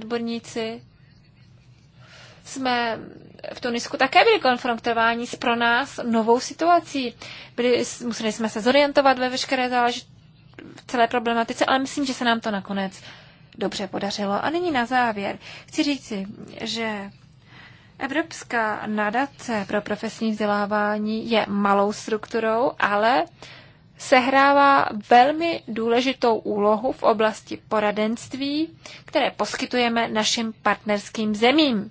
odborníci jsme v Tunisku také byli konfrontováni s pro nás novou situací. Byli, museli jsme se zorientovat ve veškeré v celé problematice, ale myslím, že se nám to nakonec dobře podařilo. A nyní na závěr. Chci říci, že Evropská nadace pro profesní vzdělávání je malou strukturou, ale sehrává velmi důležitou úlohu v oblasti poradenství, které poskytujeme našim partnerským zemím.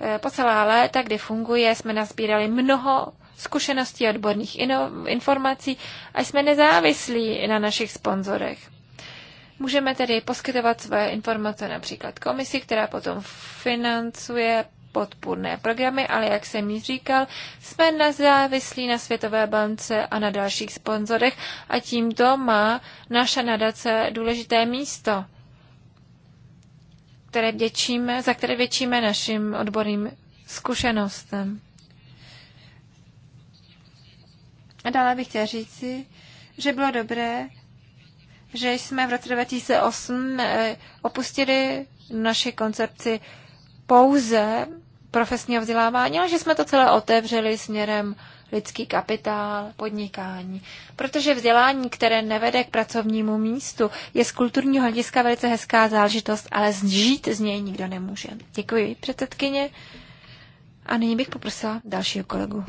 E, po celá léta, kdy funguje, jsme nazbírali mnoho zkušeností odborných informací a jsme nezávislí na našich sponzorech. Můžeme tedy poskytovat své informace například komisi, která potom financuje podpůrné programy, ale jak jsem již říkal, jsme nezávislí na Světové bance a na dalších sponzorech a tímto má naše nadace důležité místo, které vděčíme, za které vděčíme našim odborným zkušenostem. A dále bych chtěla říci, že bylo dobré, že jsme v roce 2008 eh, opustili naši koncepci pouze profesního vzdělávání, ale že jsme to celé otevřeli směrem lidský kapitál, podnikání. Protože vzdělání, které nevede k pracovnímu místu, je z kulturního hlediska velice hezká záležitost, ale žít z něj nikdo nemůže. Děkuji, předsedkyně. A nyní bych poprosila dalšího kolegu.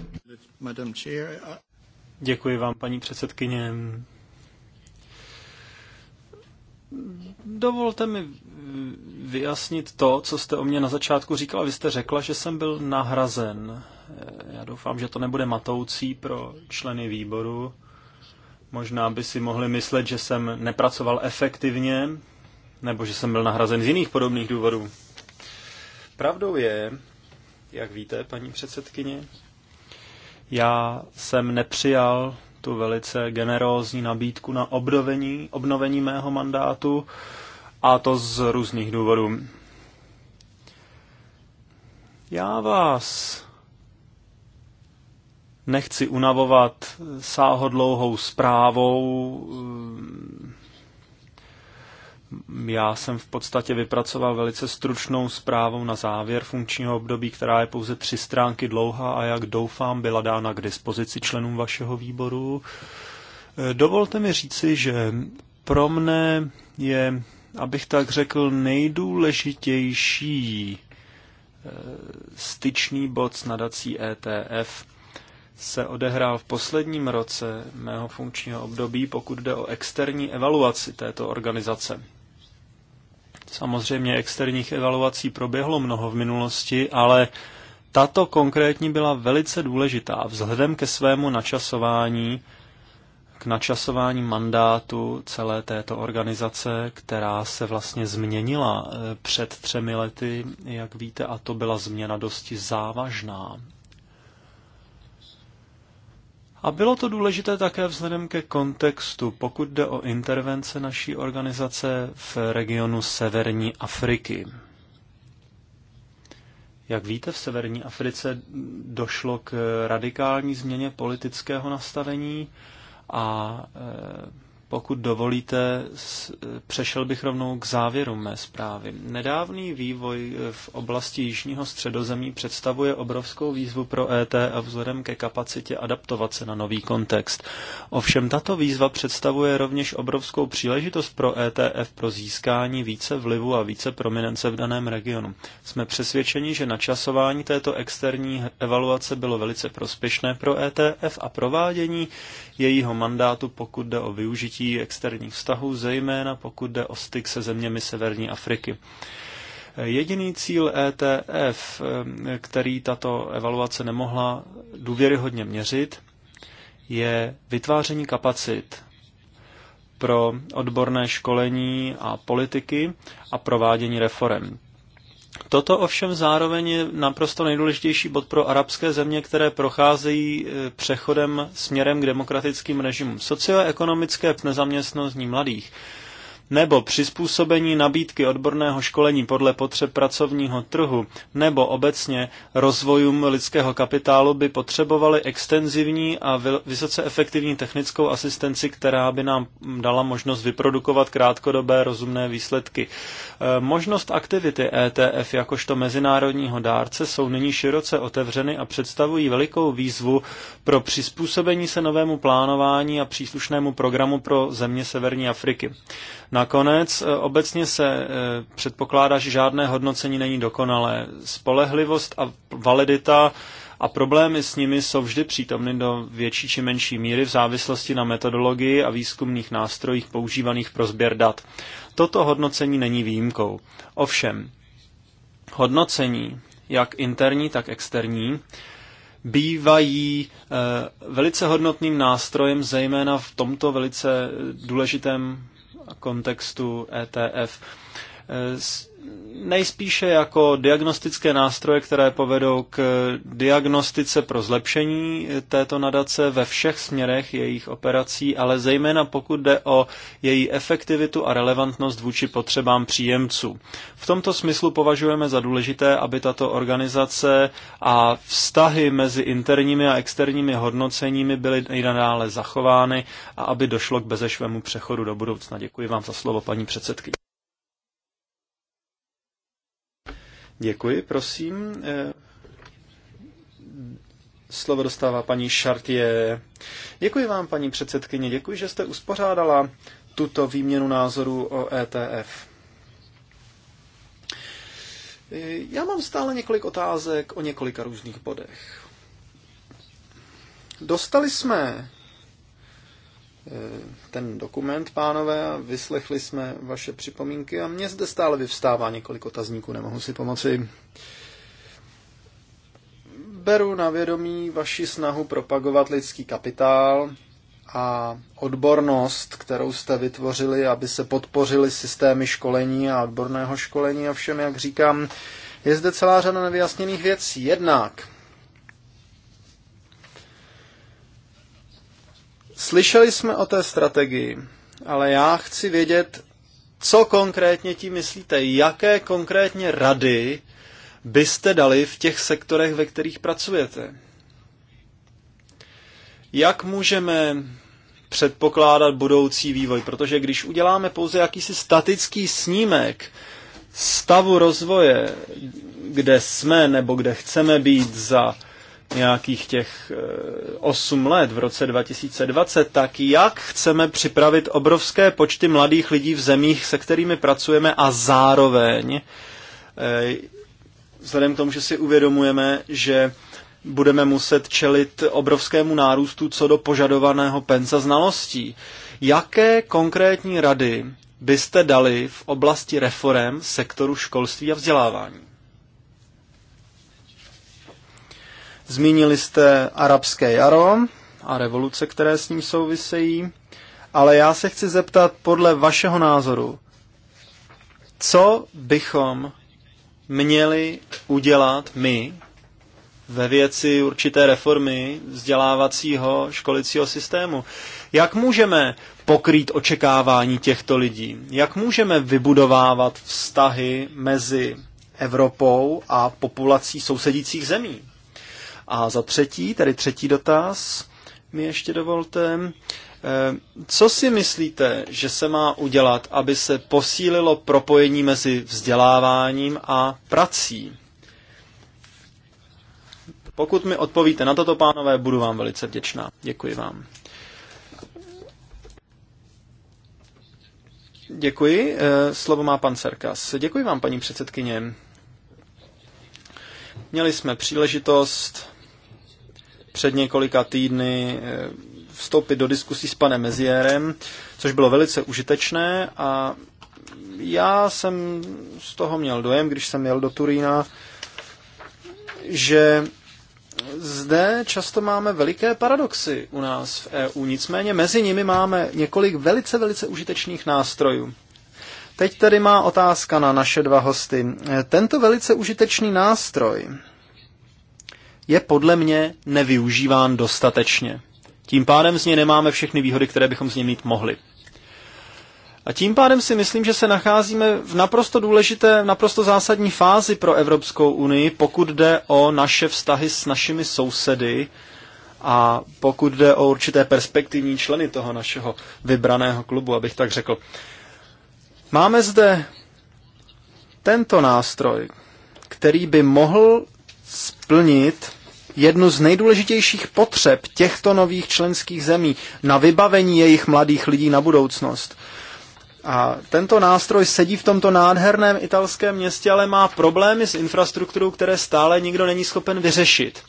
Děkuji vám, paní předsedkyně. Dovolte mi vyjasnit to, co jste o mě na začátku říkala. Vy jste řekla, že jsem byl nahrazen. Já doufám, že to nebude matoucí pro členy výboru. Možná by si mohli myslet, že jsem nepracoval efektivně, nebo že jsem byl nahrazen z jiných podobných důvodů. Pravdou je, jak víte, paní předsedkyně, já jsem nepřijal tu velice generózní nabídku na obnovení, obnovení mého mandátu a to z různých důvodů. Já vás nechci unavovat sáhodlouhou zprávou já jsem v podstatě vypracoval velice stručnou zprávu na závěr funkčního období, která je pouze tři stránky dlouhá a jak doufám byla dána k dispozici členům vašeho výboru. Eh, dovolte mi říci, že pro mne je, abych tak řekl, nejdůležitější eh, styčný bod s nadací ETF se odehrál v posledním roce mého funkčního období, pokud jde o externí evaluaci této organizace. Samozřejmě externích evaluací proběhlo mnoho v minulosti, ale tato konkrétní byla velice důležitá vzhledem ke svému načasování, k načasování mandátu celé této organizace, která se vlastně změnila eh, před třemi lety, jak víte, a to byla změna dosti závažná a bylo to důležité také vzhledem ke kontextu, pokud jde o intervence naší organizace v regionu Severní Afriky. Jak víte, v Severní Africe došlo k radikální změně politického nastavení a eh, pokud dovolíte, přešel bych rovnou k závěru mé zprávy. Nedávný vývoj v oblasti Jižního středozemí představuje obrovskou výzvu pro ET a vzhledem ke kapacitě adaptovat se na nový kontext. Ovšem tato výzva představuje rovněž obrovskou příležitost pro ETF pro získání více vlivu a více prominence v daném regionu. Jsme přesvědčeni, že načasování této externí evaluace bylo velice prospěšné pro ETF a provádění jejího mandátu, pokud jde o využití oblastí externích vztahů, zejména pokud jde o styk se zeměmi Severní Afriky. Jediný cíl ETF, který tato evaluace nemohla důvěryhodně měřit, je vytváření kapacit pro odborné školení a politiky a provádění reform. Toto ovšem zároveň je naprosto nejdůležitější bod pro arabské země, které procházejí e, přechodem směrem k demokratickým režimům. Socioekonomické nezaměstnosti mladých nebo přizpůsobení nabídky odborného školení podle potřeb pracovního trhu nebo obecně rozvojům lidského kapitálu by potřebovaly extenzivní a vysoce efektivní technickou asistenci, která by nám dala možnost vyprodukovat krátkodobé rozumné výsledky. E, možnost aktivity ETF jakožto mezinárodního dárce jsou nyní široce otevřeny a představují velikou výzvu pro přizpůsobení se novému plánování a příslušnému programu pro země Severní Afriky. Nakonec e, obecně se e, předpokládá, že žádné hodnocení není dokonalé. Spolehlivost a validita a problémy s nimi jsou vždy přítomny do větší či menší míry v závislosti na metodologii a výzkumných nástrojích používaných pro sběr dat. Toto hodnocení není výjimkou. Ovšem, hodnocení, jak interní, tak externí, bývají e, velice hodnotným nástrojem, zejména v tomto velice důležitém kontextu ETF. E, nejspíše jako diagnostické nástroje, které povedou k diagnostice pro zlepšení této nadace ve všech směrech jejich operací, ale zejména pokud jde o její efektivitu a relevantnost vůči potřebám příjemců. V tomto smyslu považujeme za důležité, aby tato organizace a vztahy mezi interními a externími hodnoceními byly i nadále zachovány a aby došlo k bezešvému přechodu do budoucna. Děkuji vám za slovo, paní předsedkyně. Děkuji, prosím. Eh, slovo dostává paní Chartier. Děkuji vám, paní předsedkyně, děkuji, že jste uspořádala tuto výměnu názorů o ETF. Eh, já mám stále několik otázek o několika různých bodech. Dostali jsme Eh, ten dokument, pánové, a vyslechli jsme vaše připomínky a mě zde stále vyvstává několik otazníků, nemohu si pomoci. Beru na vědomí vaši snahu propagovat lidský kapitál a odbornost, kterou jste vytvořili, aby se podpořili systémy školení a odborného školení a všem, jak říkám, je zde celá řada nevyjasněných věcí. Jednak Slyšeli jsme o té strategii, ale já chci vědět, co konkrétně tím myslíte, jaké konkrétně rady byste dali v těch sektorech, ve kterých pracujete. Jak můžeme předpokládat budoucí vývoj, protože když uděláme pouze jakýsi statický snímek stavu rozvoje, kde jsme nebo kde chceme být za nějakých těch 8 eh, let v roce 2020, tak jak chceme připravit obrovské počty mladých lidí v zemích, se kterými pracujeme a zároveň eh, vzhledem k tomu, že si uvědomujeme, že budeme muset čelit obrovskému nárůstu co do požadovaného penza znalostí. Jaké konkrétní rady byste dali v oblasti reform sektoru školství a vzdělávání? Zmínili jste arabské jaro a revoluce, které s ním souvisejí, ale já se chci zeptat podle vašeho názoru, co bychom měli udělat my ve věci určité reformy vzdělávacího školicího systému. Jak můžeme pokrýt očekávání těchto lidí? Jak můžeme vybudovávat vztahy mezi Evropou a populací sousedících zemí? A za třetí, tedy třetí dotaz, mi ještě dovolte. Eh, co si myslíte, že se má udělat, aby se posílilo propojení mezi vzděláváním a prací? Pokud mi odpovíte na toto, pánové, budu vám velice vděčná. Děkuji vám. Děkuji. Eh, slovo má pan Serkas. Děkuji vám, paní předsedkyně. Měli jsme příležitost před několika týdny eh, vstoupit do diskusí s panem Meziérem, což bylo velice užitečné a já jsem z toho měl dojem, když jsem jel do Turína, že zde často máme veliké paradoxy u nás v EU, nicméně mezi nimi máme několik velice, velice užitečných nástrojů. Teď tedy má otázka na naše dva hosty. Tento velice užitečný nástroj, je podle mě nevyužíván dostatečně. Tím pádem z něj nemáme všechny výhody, které bychom z něj mít mohli. A tím pádem si myslím, že se nacházíme v naprosto důležité, v naprosto zásadní fázi pro Evropskou unii, pokud jde o naše vztahy s našimi sousedy a pokud jde o určité perspektivní členy toho našeho vybraného klubu, abych tak řekl. Máme zde tento nástroj, který by mohl splnit jednu z nejdůležitějších potřeb těchto nových členských zemí na vybavení jejich mladých lidí na budoucnost. A tento nástroj sedí v tomto nádherném italském městě, ale má problémy s infrastrukturou, které stále nikdo není schopen vyřešit.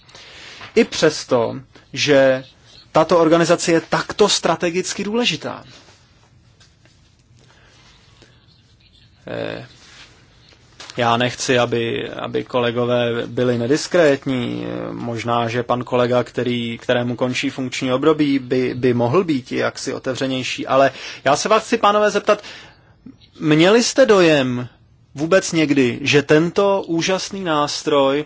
I přesto, že tato organizace je takto strategicky důležitá. Eh já nechci, aby, aby kolegové byli nediskrétní. Možná, že pan kolega, který, kterému končí funkční období, by, by mohl být jaksi otevřenější. Ale já se vás chci, pánové, zeptat, měli jste dojem vůbec někdy, že tento úžasný nástroj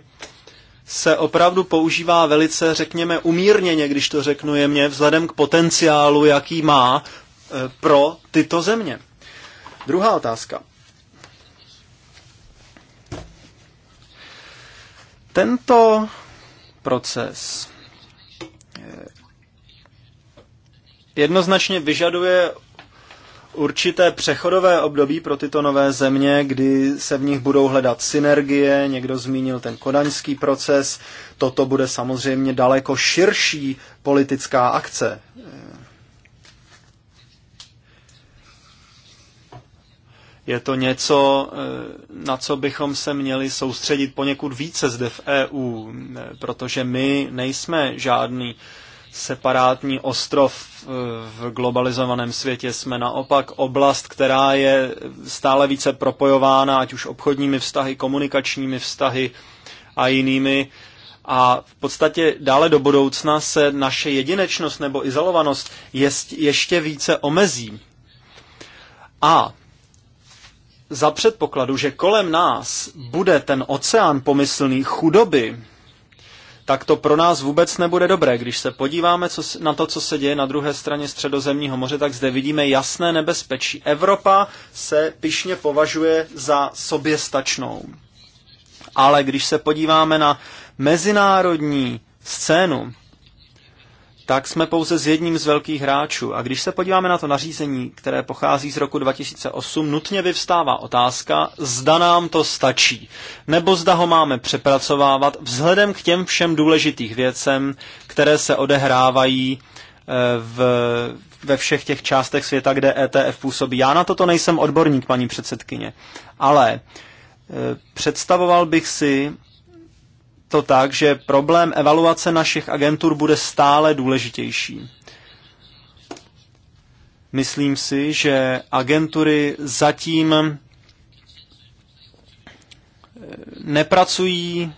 se opravdu používá velice, řekněme, umírněně, když to řeknu jemně, vzhledem k potenciálu, jaký má eh, pro tyto země. Druhá otázka. Tento proces eh, jednoznačně vyžaduje určité přechodové období pro tyto nové země, kdy se v nich budou hledat synergie, někdo zmínil ten kodaňský proces, toto bude samozřejmě daleko širší politická akce Je to něco, eh, na co bychom se měli soustředit poněkud více zde v EU, eh, protože my nejsme žádný separátní ostrov eh, v globalizovaném světě. Jsme naopak oblast, která je stále více propojována, ať už obchodními vztahy, komunikačními vztahy a jinými. A v podstatě dále do budoucna se naše jedinečnost nebo izolovanost ještě více omezí. A za předpokladu, že kolem nás bude ten oceán pomyslný chudoby, tak to pro nás vůbec nebude dobré. Když se podíváme co, na to, co se děje na druhé straně středozemního moře, tak zde vidíme jasné nebezpečí. Evropa se pišně považuje za soběstačnou. Ale když se podíváme na mezinárodní scénu, tak jsme pouze s jedním z velkých hráčů. A když se podíváme na to nařízení, které pochází z roku 2008, nutně vyvstává otázka, zda nám to stačí, nebo zda ho máme přepracovávat vzhledem k těm všem důležitých věcem, které se odehrávají eh, v, ve všech těch částech světa, kde ETF působí. Já na toto nejsem odborník, paní předsedkyně, ale eh, představoval bych si, to tak, že problém evaluace našich agentur bude stále důležitější. Myslím si, že agentury zatím eh, nepracují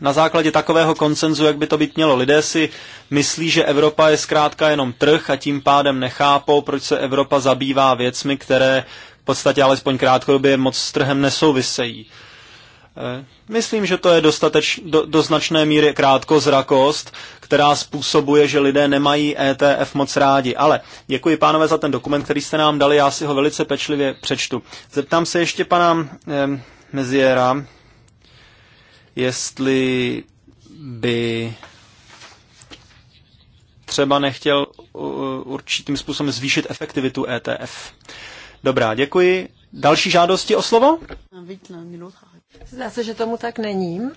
na základě takového koncenzu, jak by to být mělo. Lidé si myslí, že Evropa je zkrátka jenom trh a tím pádem nechápou, proč se Evropa zabývá věcmi, které v podstatě alespoň krátkodobě moc s trhem nesouvisejí. Eh, myslím, že to je dostateč, do, do značné míry krátkozrakost, která způsobuje, že lidé nemají ETF moc rádi. Ale děkuji pánové za ten dokument, který jste nám dali, já si ho velice pečlivě přečtu. Zeptám se ještě pana eh, Meziera, jestli by třeba nechtěl eh, určitým způsobem zvýšit efektivitu ETF. Dobrá, děkuji. Další žádosti o slovo? Zdá se, že tomu tak není.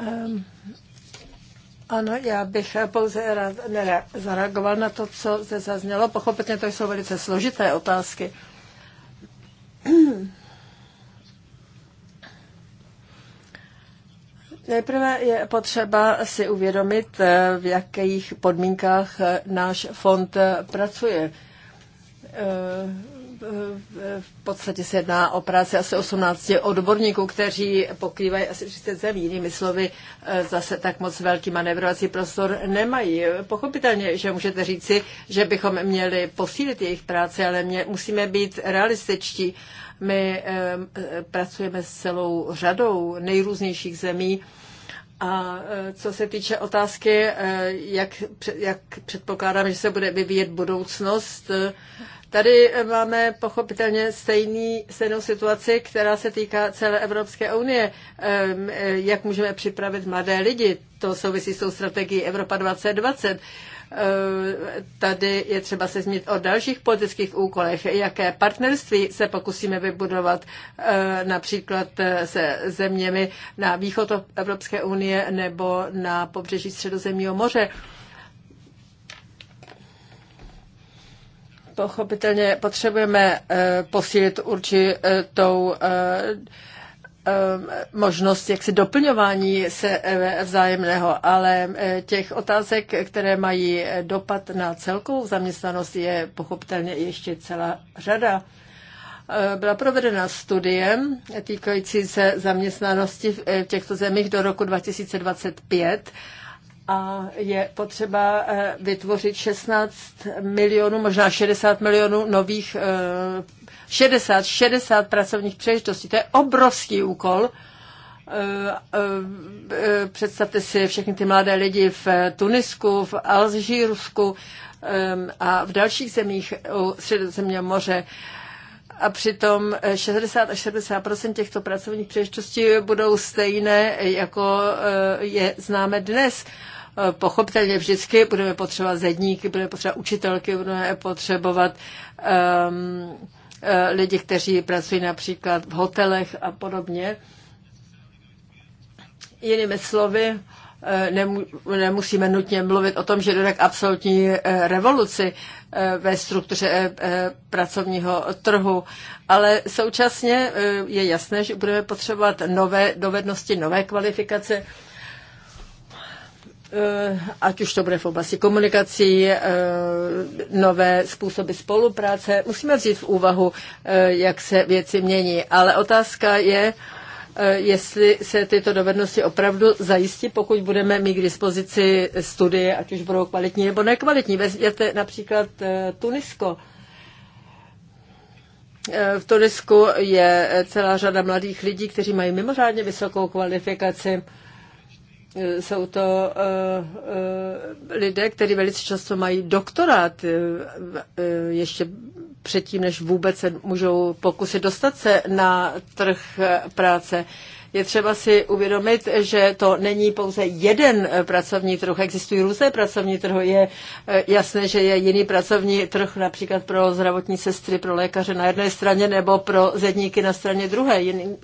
Um, ano, já bych pouze rád ne, zareagoval na to, co se zaznělo. Pochopitelně to jsou velice složité otázky. Nejprve je potřeba si uvědomit, v jakých podmínkách náš fond pracuje v podstatě se jedná o práci asi 18 odborníků, kteří pokrývají asi 30 zemí. Jinými slovy, e, zase tak moc velký manevrovací prostor nemají. Pochopitelně, že můžete říci, že bychom měli posílit jejich práci, ale mě, musíme být realističtí. My e, e, pracujeme s celou řadou nejrůznějších zemí a e, co se týče otázky, e, jak, jak předpokládám, že se bude vyvíjet budoucnost, e, tady máme pochopitelně stejný, stejnou situaci, která se týká celé Evropské unie. Jak můžeme připravit mladé lidi? To souvisí s tou strategií Evropa 2020. Eh, tady je třeba se zmínit o dalších politických úkolech, jaké partnerství se pokusíme vybudovat eh, například eh, se zeměmi na východ Evropské unie nebo na pobřeží Středozemního moře. Pochopitelně potřebujeme posílit určitou Ehm, možnost jaksi doplňování se eh, vzájemného, ale eh, těch otázek, které mají eh, dopad na celkovou zaměstnanost, je pochopitelně ještě celá řada. Ehm, byla provedena studie týkající se zaměstnanosti v těchto zemích do roku 2025 a je potřeba vytvořit 16 milionů, možná 60 milionů nových 60, 60 pracovních příležitostí. To je obrovský úkol. E, e, e, představte si všechny ty mladé lidi v Tunisku, v Alžírsku a v dalších zemích u Středozemního moře. A přitom 60 až 70 těchto pracovních příležitostí budou stejné, jako je známe dnes. Pochopitelně vždycky budeme potřebovat zedníky, budeme potřebovat učitelky, budeme potřebovat um, Eh, lidi, kteří pracují například v hotelech a podobně. Jinými slovy, eh, nemusíme nutně mluvit o tom, že dojde k absolutní eh, revoluci ve struktuře pracovního trhu, ale současně je jasné, že budeme potřebovat nové dovednosti, nové kvalifikace, Eh, ať už to bude v oblasti komunikací, eh, nové způsoby spolupráce, musíme vzít v úvahu, eh, jak se věci mění. Ale otázka je, jestli se tyto dovednosti opravdu zajistí, pokud budeme mít k dispozici studie, ať už budou kvalitní nebo nekvalitní. Vezměte například Tunisko. V Tunisku je celá řada mladých lidí, kteří mají mimořádně vysokou kvalifikaci Eh, jsou to eh, eh, lidé, kteří velice často mají doktorát ještě předtím, než vůbec se můžou pokusit dostat se na trh práce. Je třeba si uvědomit, že to není pouze jeden pracovní trh. Existují různé pracovní trhy. Je jasné, že je jiný pracovní trh například pro zdravotní sestry, pro lékaře na jedné straně nebo pro zedníky na straně druhé. Jiný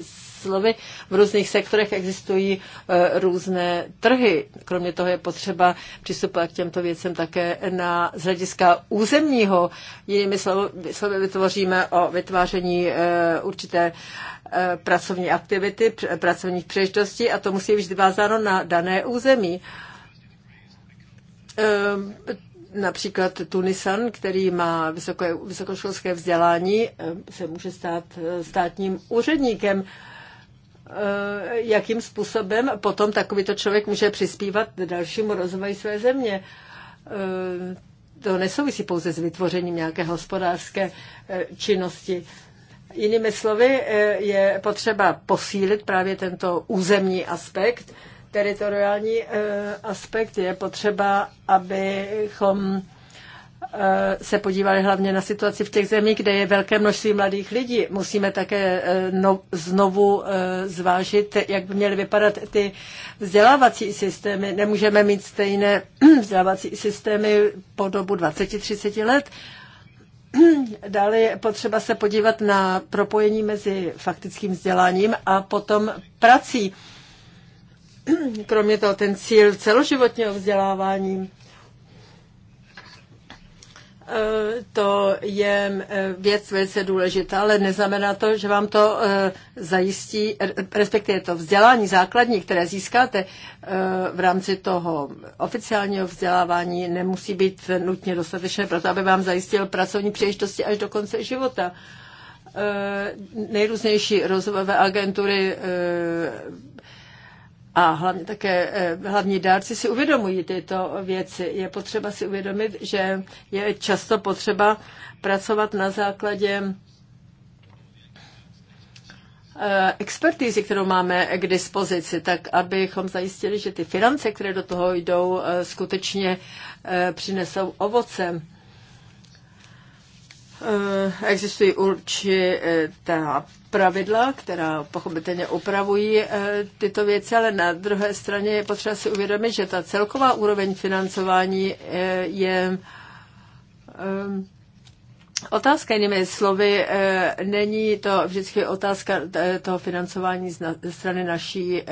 slovy, v různých sektorech existují e, různé trhy. Kromě toho je potřeba přistupovat k těmto věcem také na z hlediska územního. Jinými slovy vytvoříme o vytváření e, určité e, pracovní aktivity, pracovních příležitostí a to musí být vždy vázáno na dané území například Tunisan, který má vysoké, vysokoškolské vzdělání, se může stát státním úředníkem. Eh, jakým způsobem potom takovýto člověk může přispívat dalšímu rozvoji své země. Eh, to nesouvisí pouze s vytvořením nějaké hospodářské eh, činnosti. Jinými slovy, je potřeba posílit právě tento územní aspekt, teritoriální aspekt. Je potřeba, abychom Eh, se podívali hlavně na situaci v těch zemích, kde je velké množství mladých lidí. Musíme také eh, no, znovu eh, zvážit, jak by měly vypadat ty vzdělávací systémy. Nemůžeme mít stejné vzdělávací systémy po dobu 20-30 let. Dále je potřeba se podívat na propojení mezi faktickým vzděláním a potom prací. Kromě toho ten cíl celoživotního vzdělávání Eh, to je eh, věc velice důležitá, ale neznamená to, že vám to eh, zajistí, respektive to vzdělání základní, které získáte v rámci toho oficiálního vzdělávání, nemusí být nutně dostatečné pro to, aby vám zajistil pracovní příležitosti až do konce života. Nejrůznější rozvojové agentury a hlavně také eh, hlavní dárci si uvědomují tyto věci. Je potřeba si uvědomit, že je často potřeba pracovat na základě eh, expertízy, kterou máme k dispozici, tak abychom zajistili, že ty finance, které do toho jdou, eh, skutečně přinesou ovoce. Eh, existují určitá pravidla, která pochopitelně upravují eh, tyto věci, ale na druhé straně je potřeba si uvědomit, že ta celková úroveň financování eh, je otázka. Jinými slovy, není to vždycky otázka toho financování ze strany naší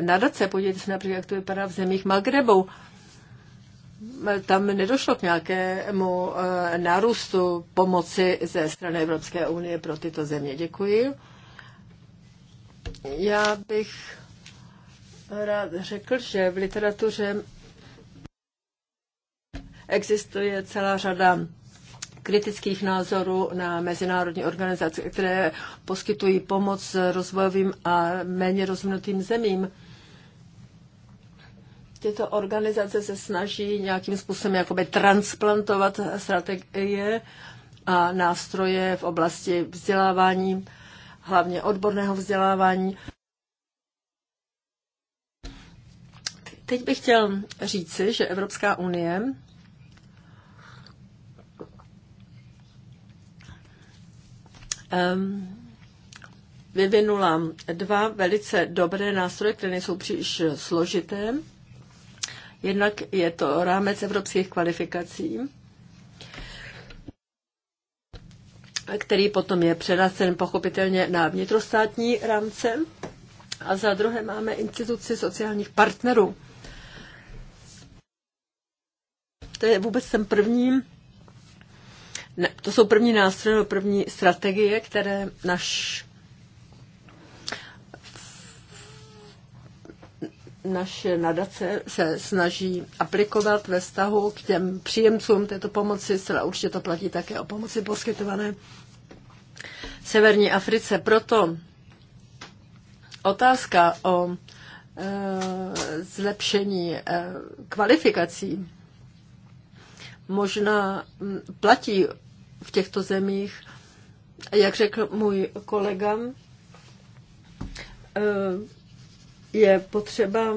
nadace. Podívejte se například, jak to vypadá v zemích Magrebu tam nedošlo k nějakému eh, nárůstu pomoci ze strany Evropské unie pro tyto země. Děkuji. Já bych rád řekl, že v literatuře existuje celá řada kritických názorů na mezinárodní organizace, které poskytují pomoc rozvojovým a méně rozvinutým zemím tyto organizace se snaží nějakým způsobem jakoby transplantovat strategie a nástroje v oblasti vzdělávání, hlavně odborného vzdělávání. Teď bych chtěl říci, že Evropská unie vyvinula dva velice dobré nástroje, které nejsou příliš složité Jednak je to rámec evropských kvalifikací, který potom je přenacen pochopitelně na vnitrostátní rámce. A za druhé máme instituci sociálních partnerů. To je vůbec ten první ne, to jsou první nástroje, první strategie, které naš naše nadace se snaží aplikovat ve vztahu k těm příjemcům této pomoci. Zcela určitě to platí také o pomoci poskytované Severní Africe. Proto otázka o e, zlepšení e, kvalifikací možná platí v těchto zemích, jak řekl můj kolega, e, je potřeba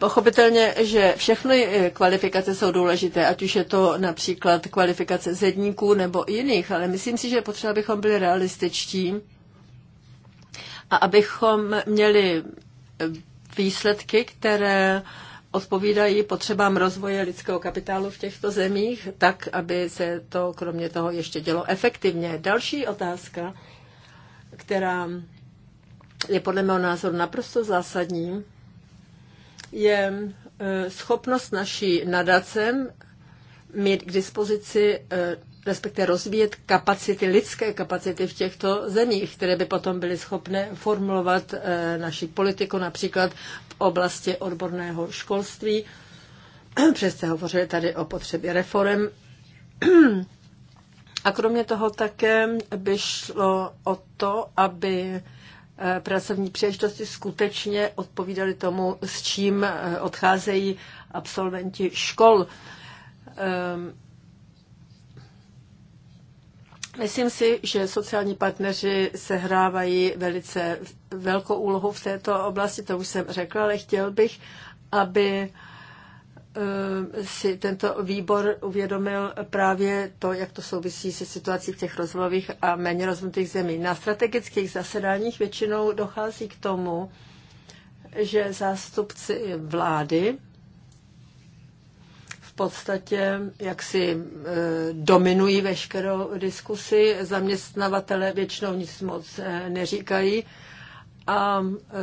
Pochopitelně, že všechny eh, kvalifikace jsou důležité, ať už je to například kvalifikace zedníků nebo jiných, ale myslím si, že potřeba, abychom byli realističtí a abychom měli eh, výsledky, které odpovídají potřebám rozvoje lidského kapitálu v těchto zemích, tak, aby se to kromě toho ještě dělo efektivně. Další otázka, která je podle mého názoru naprosto zásadní, je e, schopnost naší nadace mít k dispozici e, respektive rozvíjet kapacity, lidské kapacity v těchto zemích, které by potom byly schopné formulovat eh, naši politiku, například v oblasti odborného školství. Přesto hovořili tady o potřebě reform. A kromě toho také by šlo o to, aby eh, pracovní příležitosti skutečně odpovídaly tomu, s čím eh, odcházejí absolventi škol. Ehm, Myslím si, že sociální partneři sehrávají velice velkou úlohu v této oblasti, to už jsem řekla, ale chtěl bych, aby eh, si tento výbor uvědomil právě to, jak to souvisí se situací v těch rozvojových a méně rozvinutých zemí. Na strategických zasedáních většinou dochází k tomu, že zástupci vlády podstatě jaksi e, dominují veškerou diskusi. Zaměstnavatele většinou nic moc e, neříkají a e,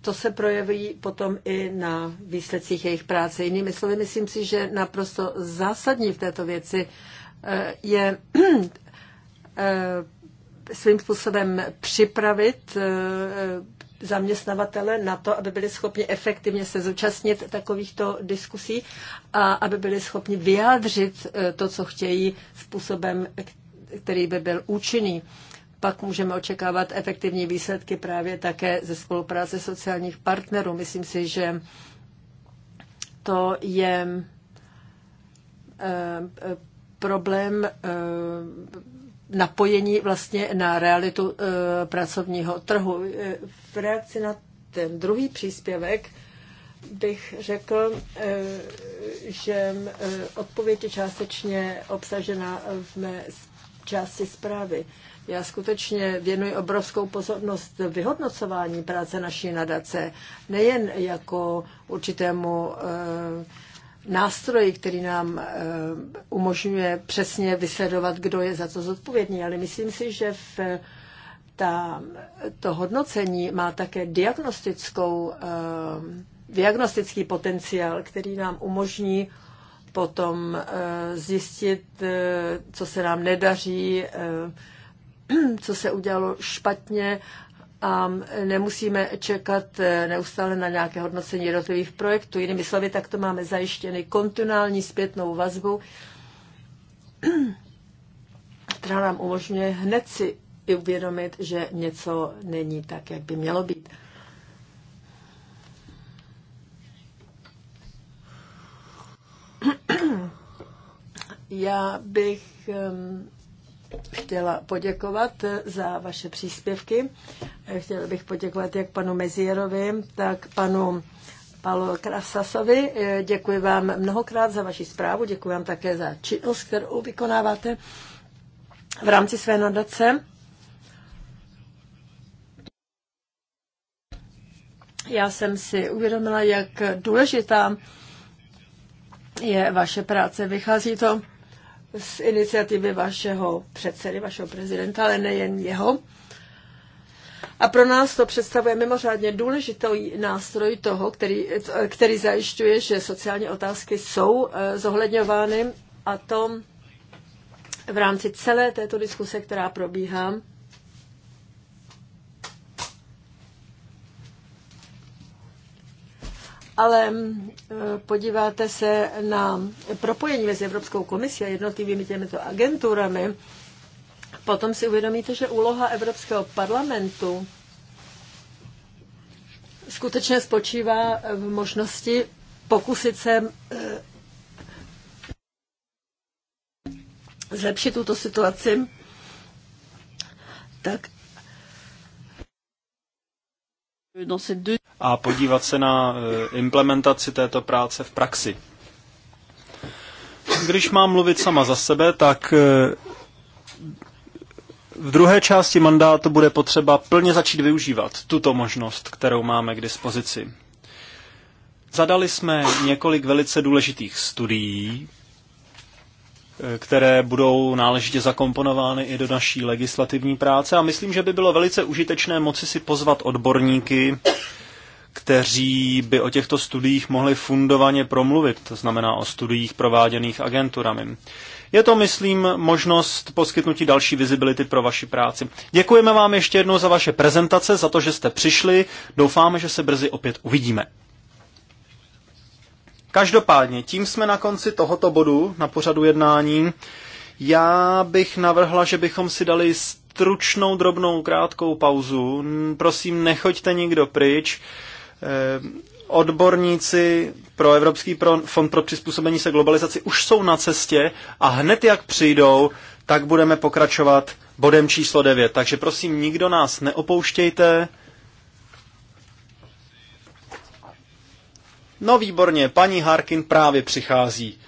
to se projeví potom i na výsledcích jejich práce. Jinými slovy, myslím si, že naprosto zásadní v této věci je svým způsobem připravit zaměstnavatele na to, aby byli schopni efektivně se zúčastnit takovýchto diskusí a aby byli schopni vyjádřit eh, to, co chtějí způsobem, který by byl účinný. Pak můžeme očekávat efektivní výsledky právě také ze spolupráce sociálních partnerů. Myslím si, že to je eh, eh, problém napojení vlastně na realitu eh, pracovního trhu. V reakci na ten druhý příspěvek bych řekl, eh, že eh, odpověď je částečně obsažena v mé části zprávy. Já skutečně věnuji obrovskou pozornost vyhodnocování práce naší nadace, nejen jako určitému nástroji, který nám eh, umožňuje přesně vysledovat, kdo je za to zodpovědný, ale myslím si, že v ta, to hodnocení má také diagnostickou, eh, diagnostický potenciál, který nám umožní potom eh, zjistit, co se nám nedaří, co se udělalo špatně a nemusíme čekat eh, neustále na nějaké hodnocení jednotlivých projektů. Jinými slovy, takto máme zajištěný kontinuální zpětnou vazbu, která nám umožňuje hned si uvědomit, že něco není tak, jak by mělo být. Já bych chtěla poděkovat za vaše příspěvky. Chtěla bych poděkovat jak panu Mezierovi, tak panu Palu Krasasovi. Děkuji vám mnohokrát za vaši zprávu, děkuji vám také za činnost, kterou vykonáváte v rámci své nadace. Já jsem si uvědomila, jak důležitá je vaše práce. Vychází to z iniciativy vašeho předsedy, vašeho prezidenta, ale nejen jeho. A pro nás to představuje mimořádně důležitý nástroj toho, který, který zajišťuje, že sociální otázky jsou eh, zohledňovány a to v rámci celé této diskuse, která probíhá ale mm, podíváte se na propojení mezi Evropskou komisí a jednotlivými těmito agenturami, potom si uvědomíte, že úloha Evropského parlamentu skutečně spočívá v možnosti pokusit se eh, zlepšit tuto situaci tak, a podívat se na eh, implementaci této práce v praxi. Když mám mluvit sama za sebe, tak eh, v druhé části mandátu bude potřeba plně začít využívat tuto možnost, kterou máme k dispozici. Zadali jsme několik velice důležitých studií které budou náležitě zakomponovány i do naší legislativní práce. A myslím, že by bylo velice užitečné moci si pozvat odborníky, kteří by o těchto studiích mohli fundovaně promluvit, to znamená o studiích prováděných agenturami. Je to, myslím, možnost poskytnutí další vizibility pro vaši práci. Děkujeme vám ještě jednou za vaše prezentace, za to, že jste přišli. Doufáme, že se brzy opět uvidíme. Každopádně, tím jsme na konci tohoto bodu na pořadu jednání. Já bych navrhla, že bychom si dali stručnou, drobnou, krátkou pauzu. Prosím, nechoďte nikdo pryč. Eh, odborníci pro Evropský fond pro přizpůsobení se globalizaci už jsou na cestě a hned jak přijdou, tak budeme pokračovat bodem číslo 9. Takže prosím, nikdo nás neopouštějte. No výborně, paní Harkin právě přichází.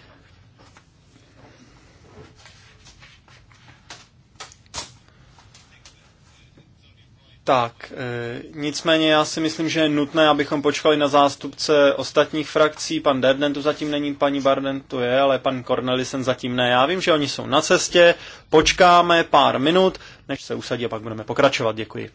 Tak, e, nicméně já si myslím, že je nutné, abychom počkali na zástupce ostatních frakcí. Pan Derden tu zatím není, paní Barden tu je, ale pan Cornelisen zatím ne. Já vím, že oni jsou na cestě, počkáme pár minut, než se usadí a pak budeme pokračovat. Děkuji.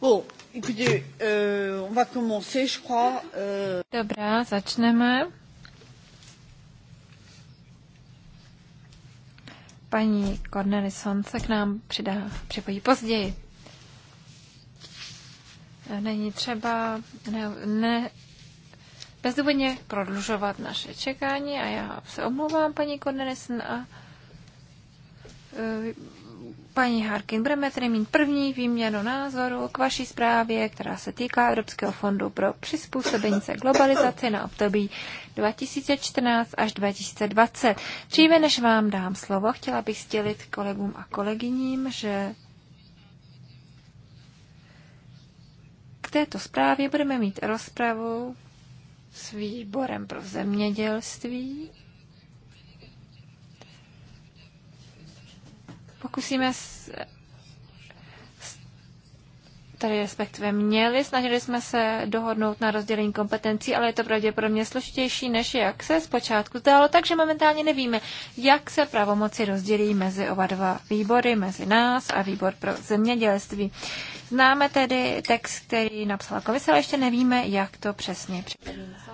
Bon, écoutez, euh, on va commencer, je crois. Euh... Dobrá, začneme. Paní Cornelison se k nám přidá, připojí později. Není třeba ne, ne, bezdůvodně prodlužovat naše čekání a já se omlouvám, paní Cornelison, a Paní Harkin, budeme tedy mít první výměnu názoru k vaší zprávě, která se týká Evropského fondu pro přizpůsobení se globalizaci na období 2014 až 2020. Dříve než vám dám slovo, chtěla bych sdělit kolegům a kolegyním, že k této zprávě budeme mít rozpravu s výborem pro zemědělství Pokusíme s, tady respektive měli, snažili jsme se dohodnout na rozdělení kompetencí, ale je to pravděpodobně složitější, než jak se zpočátku zdálo, takže momentálně nevíme, jak se pravomoci rozdělí mezi oba dva výbory, mezi nás a výbor pro zemědělství. Známe tedy text, který napsala komise, ale ještě nevíme, jak to přesně připravíme.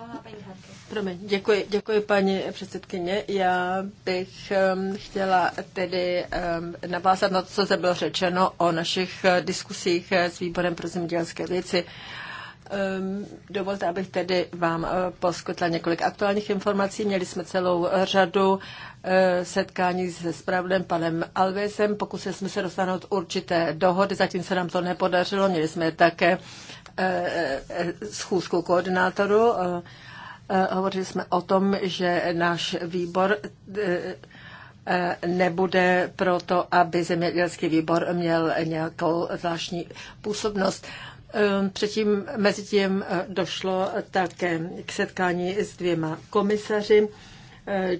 Promiň, děkuji, děkuji paní předsedkyně. Já bych um, chtěla tedy um, navázat na to, co zde bylo řečeno o našich eh, diskusích eh, s výborem pro zemědělské věci. Dovolte, abych tedy vám eh, poskytla několik aktuálních informací. Měli jsme celou řadu setkání se spravdem panem Alvesem. Pokusili jsme se dostanout určité dohody, zatím se nám to nepodařilo. Měli jsme také Eh, eh, schůzku koordinátoru. Eh, hovořili jsme o tom, že náš výbor nebude proto, aby zemědělský výbor měl nějakou zvláštní působnost. Předtím, mezi tím došlo také k setkání s dvěma komisaři,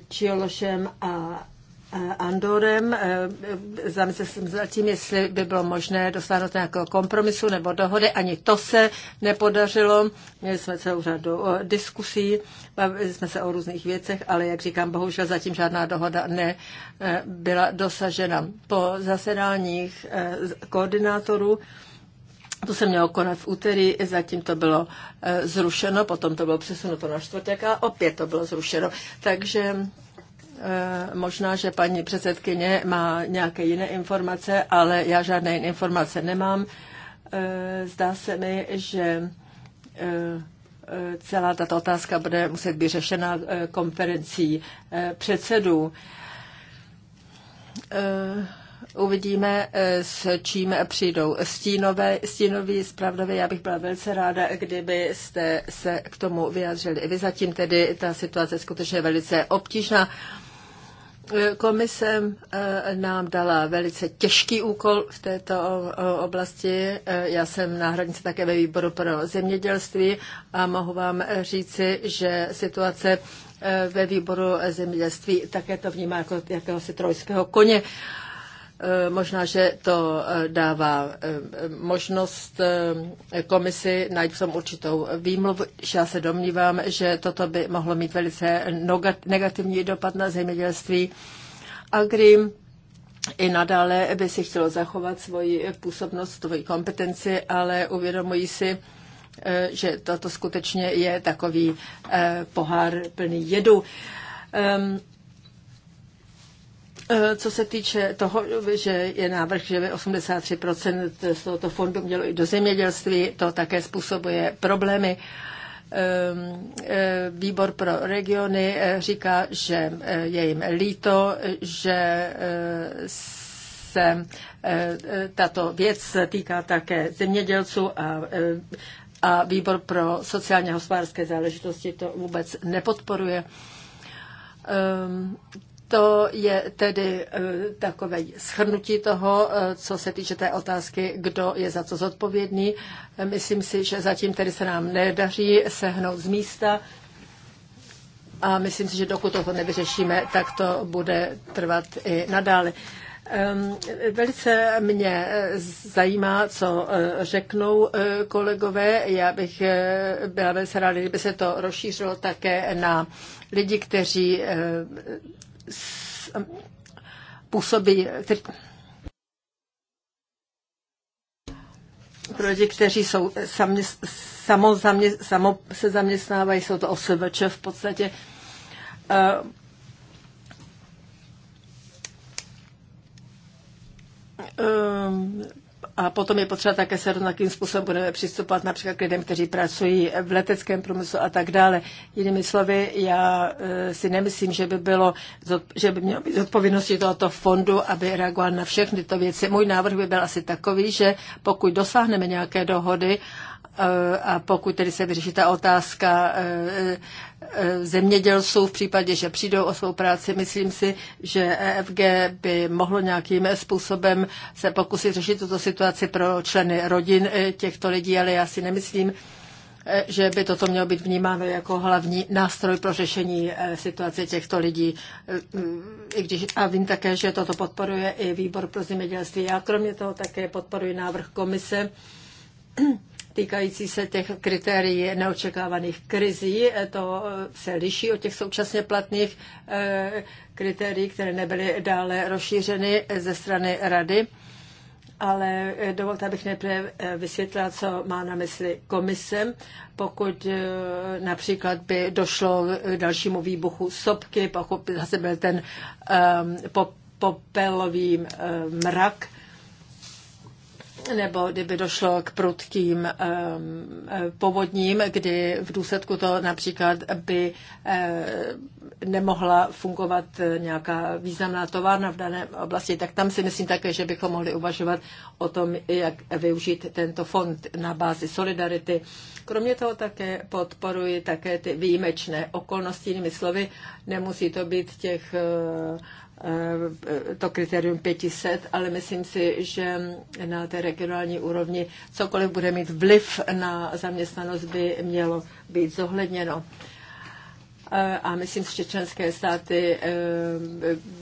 Čiološem a Eh, Andorem. Eh, eh, zamyslel jsem zatím, jestli by bylo možné dosáhnout nějakého kompromisu nebo dohody. Ani to se nepodařilo. Měli jsme celou řadu diskusí, bavili jsme se o různých věcech, ale jak říkám, bohužel zatím žádná dohoda nebyla dosažena. Po zasedáních koordinátorů to se mělo konat v úterý, zatím to bylo zrušeno, potom to bylo přesunuto na čtvrtek a opět to bylo zrušeno. Takže Eh, možná, že paní předsedkyně má nějaké jiné informace, ale já žádné jiné informace nemám. Eh, zdá se mi, že eh, celá tato otázka bude muset být řešena konferencí předsedů. Uvidíme, s čím přijdou stínové, stínoví zpravdově. Já bych byla velice ráda, kdybyste se k tomu vyjádřili. I vy zatím tedy ta situace je skutečně velice obtížná. Komise eh, nám dala velice těžký úkol v této eh, oblasti. Eh, já jsem na hranici také ve výboru pro zemědělství a mohu vám říci, že situace ve výboru zemědělství také to vnímá jako jakéhosi trojského koně. Eh, možná, že to eh, dává eh, možnost komisi najít v tom určitou výmluvu. Já se domnívám, že toto by mohlo mít velice negativní dopad na zemědělství. Agri i nadále by si chtělo zachovat svoji působnost, svoji kompetenci, ale uvědomují si, že toto skutečně je takový pohár plný jedu. Ehm, Eh, co se týče toho, že je návrh, že by 83% z tohoto fondu mělo i do zemědělství, to také způsobuje problémy. Ehm, eh, výbor pro regiony eh, říká, že je jim líto, že se tato věc týká také zemědělců a a výbor pro sociálně hospodářské záležitosti to vůbec nepodporuje. Ehm, to je tedy eh, takové shrnutí toho, eh, co se týče té otázky, kdo je za co zodpovědný. Myslím si, že zatím tedy se nám nedaří sehnout z místa a myslím si, že dokud toho nevyřešíme, tak to bude trvat i nadále. Velice mě eh, zajímá, co řeknou kolegové. Já bych byla velice ráda, kdyby se to rozšířilo také na lidi, kteří Um, působí, kteří, pro lidi, kteří jsou sami, samo, zamě, samo se zaměstnávají, jsou to OSVČ v podstatě. uh, a potom je potřeba také se jakým způsobem budeme přistupovat například k lidem, kteří pracují v leteckém průmyslu a tak dále. Jinými slovy, já eh, si nemyslím, že by, bylo, že by mělo být odpovědnosti tohoto fondu, aby reagoval na všechny tyto věci. Můj návrh by byl asi takový, že pokud dosáhneme nějaké dohody, eh, a pokud tedy se vyřeší ta otázka eh, E, zemědělců v případě, že přijdou o svou práci. Myslím si, že EFG by mohlo nějakým způsobem se pokusit řešit tuto situaci pro členy rodin e, těchto lidí, ale já si nemyslím, e, že by toto mělo být vnímáno jako hlavní nástroj pro řešení situace těchto lidí. I když, a vím také, že toto podporuje i výbor pro zemědělství. Já kromě toho také podporuji návrh komise týkající se těch kritérií neočekávaných krizí. Eh, to se liší od těch současně platných eh, kritérií, které nebyly dále rozšířeny eh, ze strany rady. Ale dovolte, abych nejprve vysvětlila, co má na mysli komise. Pokud například by došlo k dalšímu výbuchu sopky, pokud by zase byl ten popelový mrak, nebo kdyby došlo k prudkým povodním, kdy v důsledku toho například by eh, nemohla fungovat nějaká významná továrna v dané oblasti, tak tam si myslím také, že bychom mohli uvažovat o tom, jak využít tento fond na bázi solidarity. Kromě toho také podporuji také ty výjimečné okolnosti, jinými slovy, nemusí to být těch eh, Eh, to kritérium 500, ale myslím si, že na té regionální úrovni cokoliv bude mít vliv na zaměstnanost by mělo být zohledněno. Eh, a myslím že členské státy eh,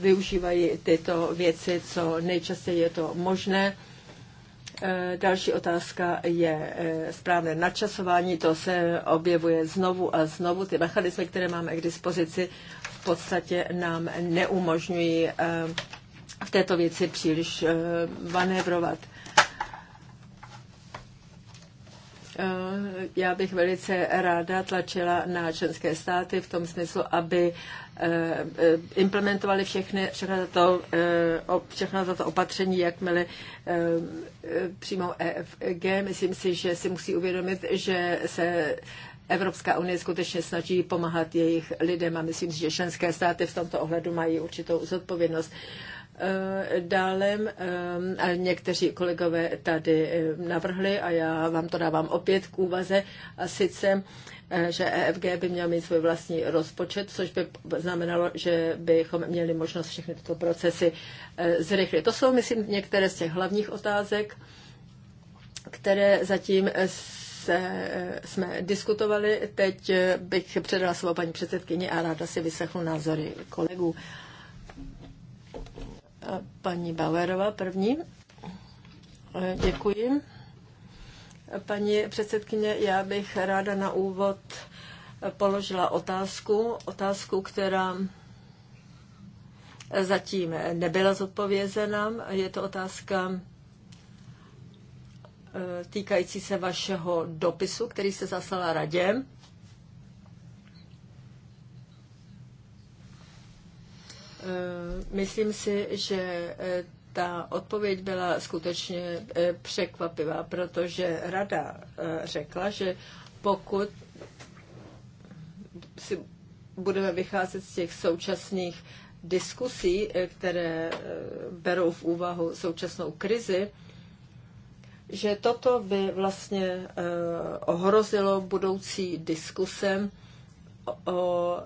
využívají tyto věci, co nejčastěji je to možné. Další otázka je správné načasování. To se objevuje znovu a znovu. Ty mechanismy, které máme k dispozici, podstatě nám neumožňují eh, v této věci příliš eh, manévrovat. Eh, já bych velice ráda tlačila na členské státy v tom smyslu, aby implementovali všechny, všechna, všechno za to opatření, jakmile přijmou EFG. Myslím si, že si musí uvědomit, že se Evropská unie skutečně snaží pomáhat jejich lidem a myslím si, že členské státy v tomto ohledu mají určitou zodpovědnost. Eh, dále eh, někteří kolegové tady eh, navrhli a já vám to dávám opět k úvaze a sice že EFG by měl mít svůj vlastní rozpočet, což by znamenalo, že bychom měli možnost všechny tyto procesy zrychlit. To jsou, myslím, některé z těch hlavních otázek, které zatím se, eh, jsme diskutovali. Teď eh, bych předala slovo paní předsedkyni a ráda si vyslechnu názory kolegů. Eh, paní Bauerová první. Děkuji. Paní předsedkyně, já bych ráda na úvod položila otázku, otázku, která zatím nebyla zodpovězena. Je to otázka Eh, týkající se vašeho dopisu, který se zaslala radě. Eh, myslím si, že eh, ta odpověď byla skutečně překvapivá, protože rada řekla, že pokud si budeme vycházet z těch současných diskusí, které berou v úvahu současnou krizi, že toto by vlastně eh, ohrozilo budoucí diskuse o eh,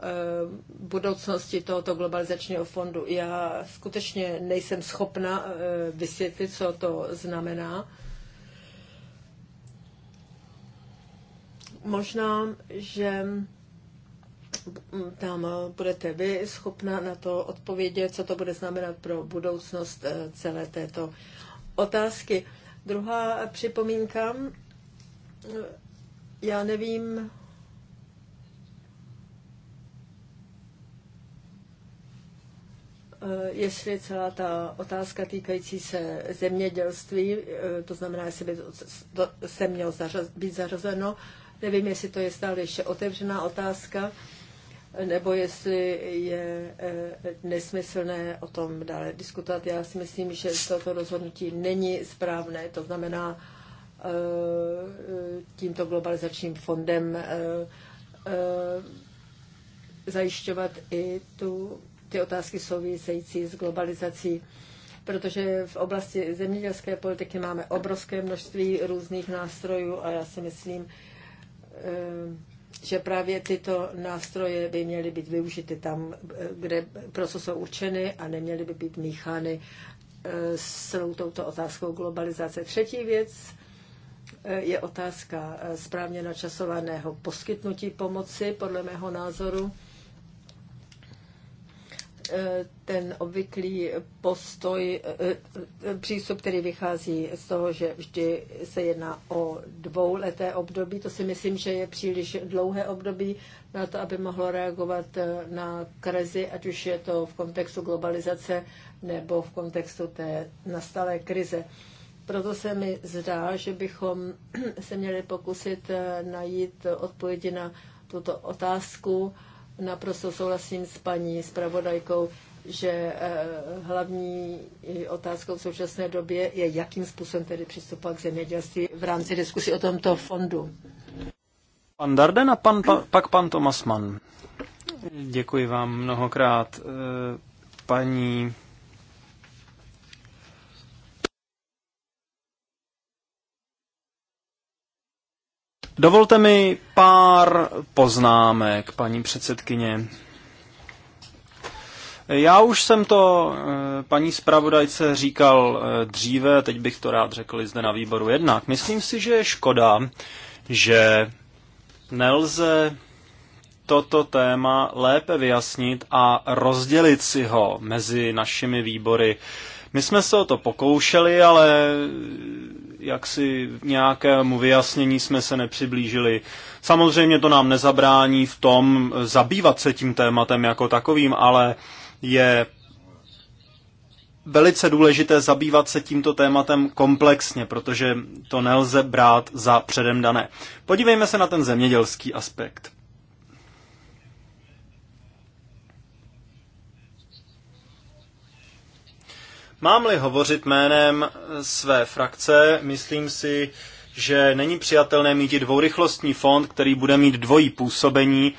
budoucnosti tohoto globalizačního fondu. Já skutečně nejsem schopna eh, vysvětlit, co to znamená. Možná, že mm, tam budete vy schopna na to odpovědět, co to bude znamenat pro budoucnost celé této otázky. Druhá připomínka, já nevím, eh, jestli celá ta otázka týkající se zemědělství, eh, to znamená, jestli by to se mělo být zařazeno, nevím, jestli to je stále ještě otevřená otázka nebo jestli je eh, nesmyslné o tom dále diskutovat. Já si myslím, že toto rozhodnutí není správné. To znamená, eh, tímto globalizačním fondem eh, zajišťovat i tu, ty otázky související s globalizací, protože v oblasti zemědělské politiky máme obrovské množství různých nástrojů a já si myslím, že právě tyto nástroje by měly být využity tam, kde pro co jsou určeny a neměly by být míchány eh, s touto otázkou globalizace. Třetí věc eh, je otázka eh, správně načasovaného poskytnutí pomoci, podle mého názoru ten obvyklý postoj, eh, přístup, který vychází z toho, že vždy se jedná o dvouleté období. To si myslím, že je příliš dlouhé období na to, aby mohlo reagovat eh, na krizi, ať už je to v kontextu globalizace nebo v kontextu té nastalé krize. Proto se mi zdá, že bychom se měli pokusit eh, najít odpovědi na tuto otázku naprosto souhlasím s paní zpravodajkou, že eh, hlavní otázkou v současné době je, jakým způsobem tedy přistupovat k zemědělství v rámci diskusy o tomto fondu. Pan Darden a pan, pa, pak pan Tomasman. Děkuji vám mnohokrát, eh, paní Dovolte mi pár poznámek, paní předsedkyně. Já už jsem to eh, paní zpravodajce říkal eh, dříve, teď bych to rád řekl i zde na výboru jednak. Myslím si, že je škoda, že nelze toto téma lépe vyjasnit a rozdělit si ho mezi našimi výbory. My jsme se o to pokoušeli, ale jak si nějakému vyjasnění jsme se nepřiblížili. Samozřejmě to nám nezabrání v tom zabývat se tím tématem jako takovým, ale je velice důležité zabývat se tímto tématem komplexně, protože to nelze brát za předem dané. Podívejme se na ten zemědělský aspekt. Mám-li hovořit jménem své frakce, myslím si, že není přijatelné mít dvourychlostní fond, který bude mít dvojí působení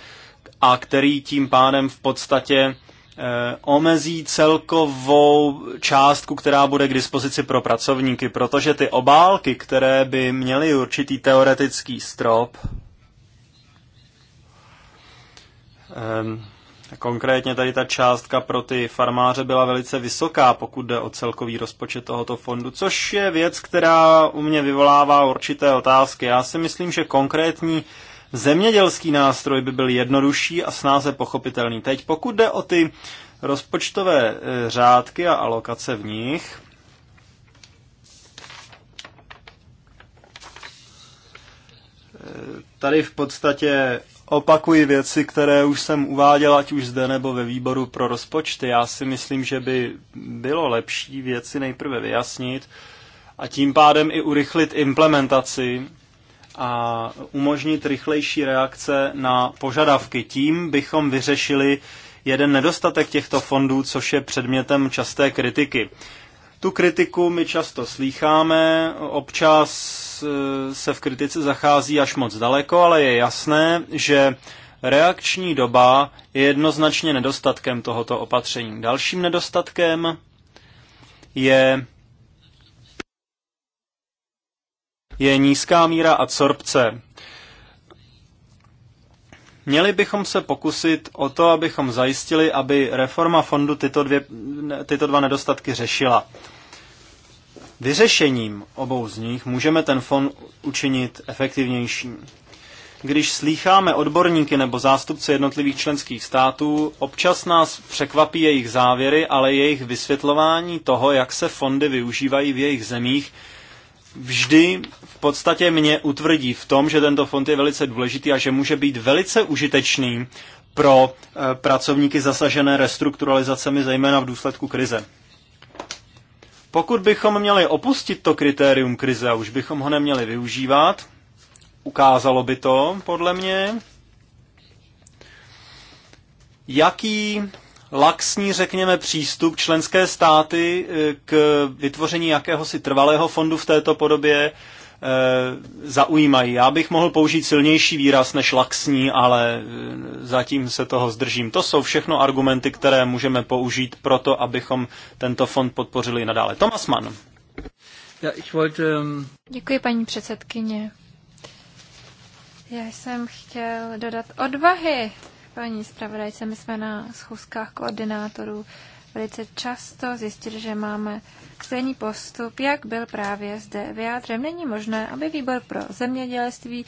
a který tím pádem v podstatě eh, omezí celkovou částku, která bude k dispozici pro pracovníky, protože ty obálky, které by měly určitý teoretický strop, ehm, Konkrétně tady ta částka pro ty farmáře byla velice vysoká, pokud jde o celkový rozpočet tohoto fondu, což je věc, která u mě vyvolává určité otázky. Já si myslím, že konkrétní zemědělský nástroj by byl jednodušší a snáze pochopitelný. Teď pokud jde o ty rozpočtové e, řádky a alokace v nich, e, tady v podstatě opakuji věci, které už jsem uváděl, ať už zde nebo ve výboru pro rozpočty. Já si myslím, že by bylo lepší věci nejprve vyjasnit a tím pádem i urychlit implementaci a umožnit rychlejší reakce na požadavky. Tím bychom vyřešili jeden nedostatek těchto fondů, což je předmětem časté kritiky. Tu kritiku my často slýcháme, občas e, se v kritice zachází až moc daleko, ale je jasné, že reakční doba je jednoznačně nedostatkem tohoto opatření. Dalším nedostatkem je je nízká míra adsorpce. Měli bychom se pokusit o to, abychom zajistili, aby reforma fondu tyto, dvě, tyto dva nedostatky řešila. Vyřešením obou z nich můžeme ten fond učinit efektivnějším. Když slýcháme odborníky nebo zástupce jednotlivých členských států, občas nás překvapí jejich závěry, ale jejich vysvětlování toho, jak se fondy využívají v jejich zemích, vždy v podstatě mě utvrdí v tom, že tento fond je velice důležitý a že může být velice užitečný pro eh, pracovníky zasažené restrukturalizacemi, zejména v důsledku krize. Pokud bychom měli opustit to kritérium krize a už bychom ho neměli využívat, ukázalo by to, podle mě, jaký laxní, řekněme, přístup členské státy e, k vytvoření jakéhosi trvalého fondu v této podobě e, zaujímají. Já bych mohl použít silnější výraz než laxní, ale e, zatím se toho zdržím. To jsou všechno argumenty, které můžeme použít pro to, abychom tento fond podpořili nadále. Tomas Mann. Ähm, Děkuji, paní předsedkyně. Já jsem chtěl dodat odvahy paní zpravodajce. My jsme na schůzkách koordinátorů velice často zjistili, že máme stejný postup, jak byl právě zde vyjádřen. Není možné, aby výbor pro zemědělství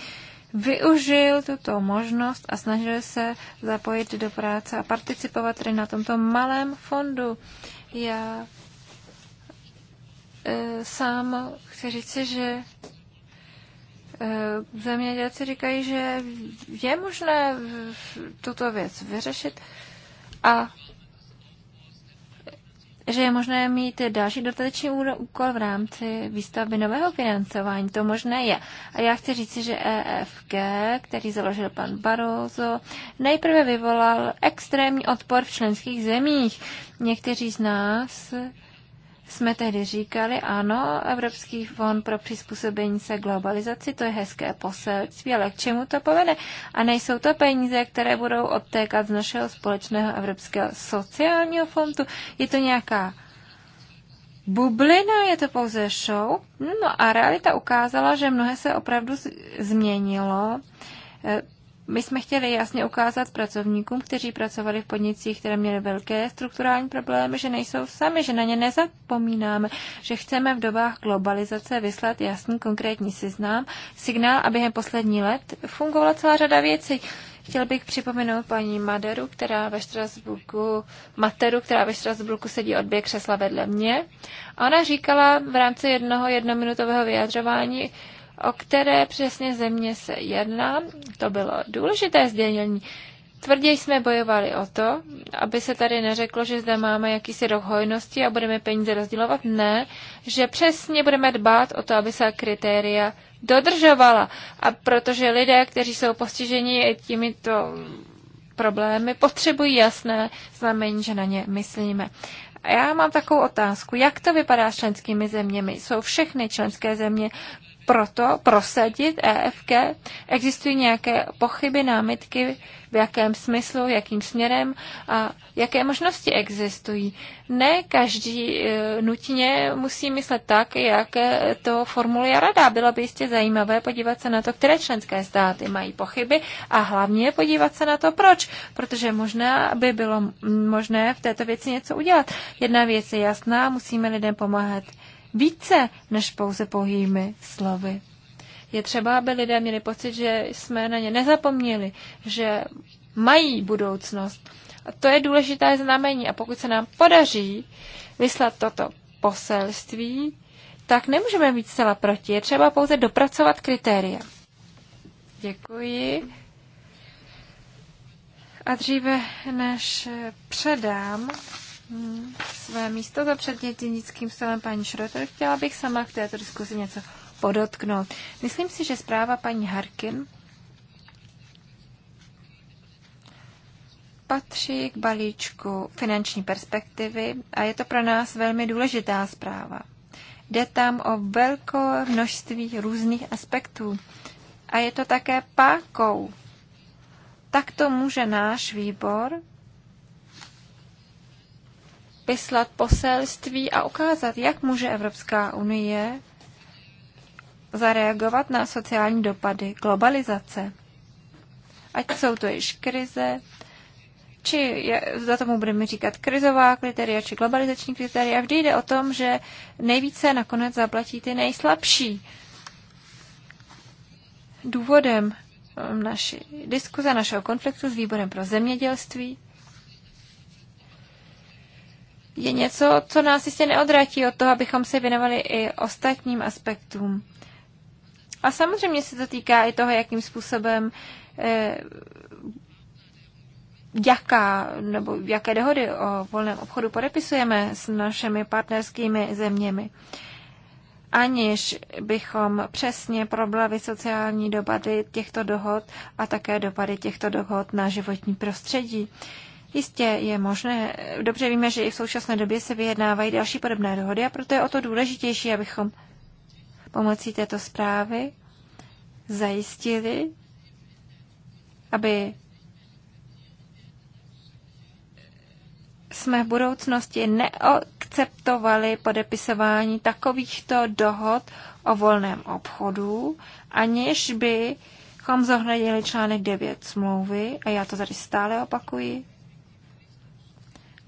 využil tuto možnost a snažil se zapojit do práce a participovat tedy na tomto malém fondu. Já e, sám chci říct, že Eh, zemědělci říkají, že je možné tuto věc vyřešit a že je možné mít další dotační úkol v rámci výstavby nového financování. To možné je. A já chci říci, že EFG, který založil pan Barroso, nejprve vyvolal extrémní odpor v členských zemích. Někteří z nás jsme tehdy říkali, ano, Evropský fond pro přizpůsobení se globalizaci, to je hezké poselství, ale k čemu to povede? A nejsou to peníze, které budou odtékat z našeho společného Evropského sociálního fondu? Je to nějaká bublina, je to pouze show? No a realita ukázala, že mnohé se opravdu změnilo. My jsme chtěli jasně ukázat pracovníkům, kteří pracovali v podnicích, které měly velké strukturální problémy, že nejsou sami, že na ně nezapomínáme, že chceme v dobách globalizace vyslat jasný konkrétní seznam, signál a během poslední let fungovala celá řada věcí. Chtěl bych připomenout paní Maderu, která ve Štrasburku, Materu, která ve Štrasburku sedí od dvě křesla vedle mě. A ona říkala v rámci jednoho jednominutového vyjadřování, o které přesně země se jedná. To bylo důležité sdělení. Tvrdě jsme bojovali o to, aby se tady neřeklo, že zde máme jakýsi rok hojnosti a budeme peníze rozdělovat. Ne, že přesně budeme dbát o to, aby se kritéria dodržovala. A protože lidé, kteří jsou postiženi těmito problémy, potřebují jasné znamení, že na ně myslíme. A já mám takovou otázku. Jak to vypadá s členskými zeměmi? Jsou všechny členské země proto prosadit EFK. Existují nějaké pochyby, námitky, v jakém smyslu, jakým směrem a jaké možnosti existují? Ne každý e, nutně musí myslet tak, jak to formuluje rada. Bylo by jistě zajímavé podívat se na to, které členské státy mají pochyby a hlavně podívat se na to, proč. Protože možná by bylo možné v této věci něco udělat. Jedna věc je jasná, musíme lidem pomáhat více než pouze pouhými slovy. Je třeba, aby lidé měli pocit, že jsme na ně nezapomněli, že mají budoucnost. A to je důležité znamení. A pokud se nám podaří vyslat toto poselství, tak nemůžeme být zcela proti. Je třeba pouze dopracovat kritéria. Děkuji. A dříve, než předám své místo za předdětnickým stolem paní Schroeder. Chtěla bych sama k této diskuzi něco podotknout. Myslím si, že zpráva paní Harkin patří k balíčku finanční perspektivy a je to pro nás velmi důležitá zpráva. Jde tam o velké množství různých aspektů a je to také pákou. Tak to může náš výbor vyslat poselství a ukázat, jak může Evropská unie zareagovat na sociální dopady globalizace. Ať jsou to již krize, či je, za tomu budeme říkat krizová kritéria, či globalizační kritéria. Vždy jde o tom, že nejvíce nakonec zaplatí ty nejslabší. Důvodem naší diskuze, našeho konfliktu s výborem pro zemědělství je něco, co nás jistě neodratí od toho, abychom se věnovali i ostatním aspektům. A samozřejmě se to týká i toho, jakým způsobem, eh, jaká, nebo jaké dohody o volném obchodu podepisujeme s našimi partnerskými zeměmi. Aniž bychom přesně problavili sociální dopady těchto dohod a také dopady těchto dohod na životní prostředí. Jistě je možné, dobře víme, že i v současné době se vyjednávají další podobné dohody a proto je o to důležitější, abychom pomocí této zprávy zajistili, aby jsme v budoucnosti neakceptovali podepisování takovýchto dohod o volném obchodu, aniž bychom zohlednili článek 9 smlouvy, a já to tady stále opakuji,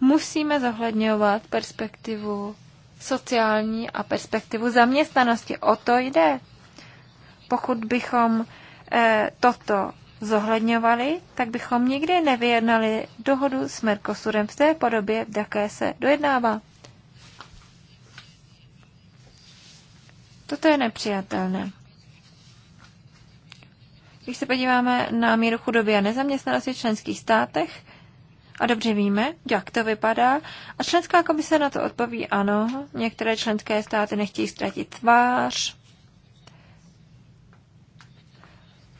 musíme zohledňovat perspektivu sociální a perspektivu zaměstnanosti. O to jde. Pokud bychom eh, toto zohledňovali, tak bychom nikdy nevyjednali dohodu s Mercosurem v té podobě, v jaké se dojednává. Toto je nepřijatelné. Když se podíváme na míru chudoby a nezaměstnanosti v členských státech, a dobře víme, jak to vypadá. A členská komise na to odpoví ano. Některé členské státy nechtějí ztratit tvář.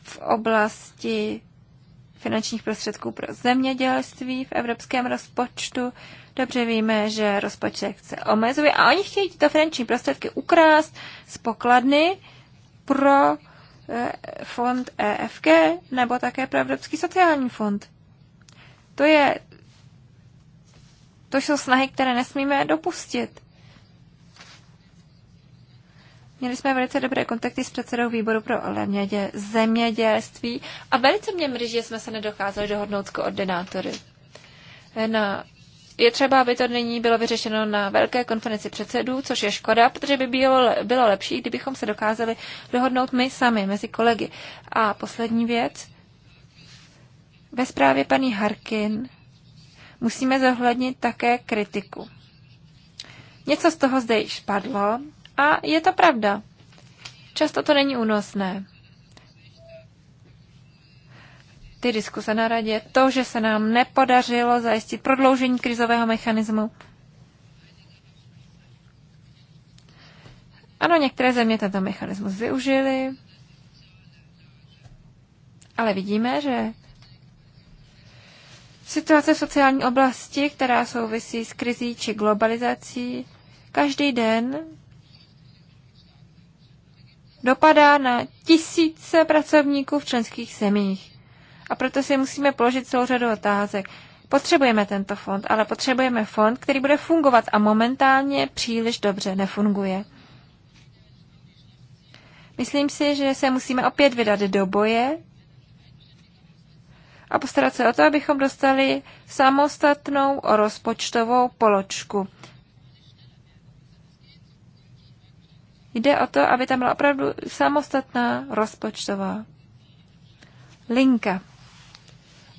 V oblasti finančních prostředků pro zemědělství v evropském rozpočtu. Dobře víme, že rozpočet se omezuje a oni chtějí tyto finanční prostředky ukrást z pokladny pro eh, fond EFG nebo také pro Evropský sociální fond. To je to jsou snahy, které nesmíme dopustit. Měli jsme velice dobré kontakty s předsedou výboru pro lemědě, zemědělství a velice mě mrzí, že jsme se nedokázali dohodnout s koordinátory. Na, je třeba, aby to nyní bylo vyřešeno na velké konferenci předsedů, což je škoda, protože by bylo, bylo lepší, kdybychom se dokázali dohodnout my sami, mezi kolegy. A poslední věc. Ve zprávě paní Harkin musíme zohlednit také kritiku. Něco z toho zde již padlo a je to pravda. Často to není únosné. Ty diskuse na radě, to, že se nám nepodařilo zajistit prodloužení krizového mechanismu. Ano, některé země tento mechanismus využili, ale vidíme, že Situace v sociální oblasti, která souvisí s krizí či globalizací, každý den dopadá na tisíce pracovníků v členských zemích. A proto si musíme položit celou řadu otázek. Potřebujeme tento fond, ale potřebujeme fond, který bude fungovat a momentálně příliš dobře nefunguje. Myslím si, že se musíme opět vydat do boje a postarat se o to, abychom dostali samostatnou rozpočtovou poločku. Jde o to, aby tam byla opravdu samostatná rozpočtová linka.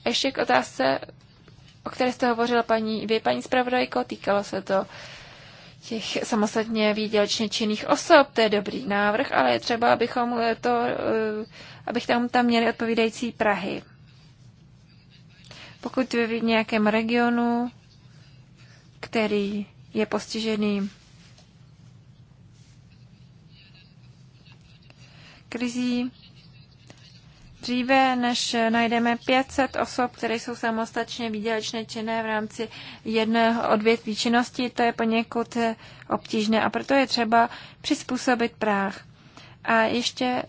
Ještě k otázce, o které jste hovořila paní, vy, paní zpravodajko, týkalo se to těch samostatně výdělečně činných osob, to je dobrý návrh, ale je třeba, abychom to, eh, abych tam, tam měli odpovídající Prahy. Pokud v nějakém regionu, který je postižený krizí, dříve, než najdeme 500 osob, které jsou samostatně výdělečné činné v rámci jedného odvětví činnosti, to je poněkud obtížné a proto je třeba přizpůsobit práh. A ještě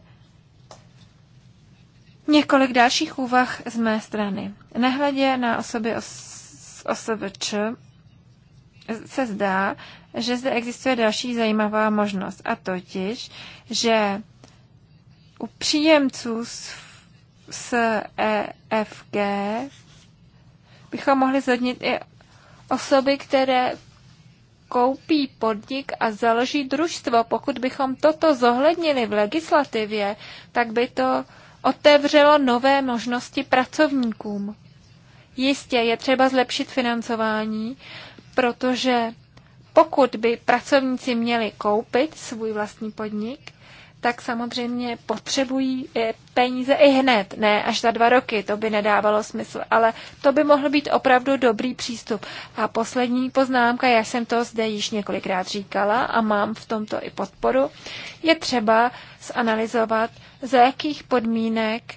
Několik dalších úvah z mé strany. Nehledě na osoby os, Č se zdá, že zde existuje další zajímavá možnost, a totiž, že u příjemců s, s e EFG bychom mohli zhodnit i osoby, které koupí podnik a založí družstvo. Pokud bychom toto zohlednili v legislativě, tak by to otevřelo nové možnosti pracovníkům. Jistě je třeba zlepšit financování, protože pokud by pracovníci měli koupit svůj vlastní podnik, tak samozřejmě potřebují eh, peníze i hned, ne až za dva roky, to by nedávalo smysl, ale to by mohl být opravdu dobrý přístup. A poslední poznámka, já jsem to zde již několikrát říkala a mám v tomto i podporu, je třeba zanalizovat, za jakých podmínek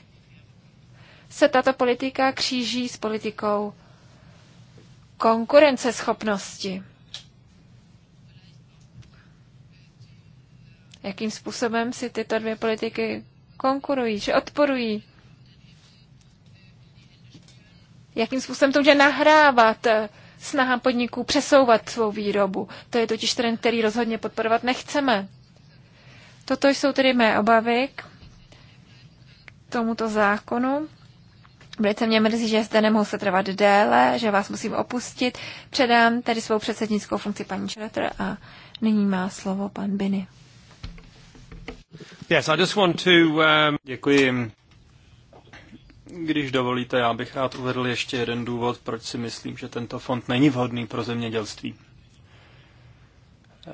se tato politika kříží s politikou konkurenceschopnosti. jakým způsobem si tyto dvě politiky konkurují, že odporují. Jakým způsobem to může nahrávat snaha podniků přesouvat svou výrobu. To je totiž trend, který rozhodně podporovat nechceme. Toto jsou tedy mé obavy k tomuto zákonu. Velice mě mrzí, že zde nemohu se trvat déle, že vás musím opustit. Předám tedy svou předsednickou funkci paní Šreter a nyní má slovo pan Biny. Um, Děkuji. Když dovolíte, já bych rád uvedl ještě jeden důvod, proč si myslím, že tento fond není vhodný pro zemědělství. Eh,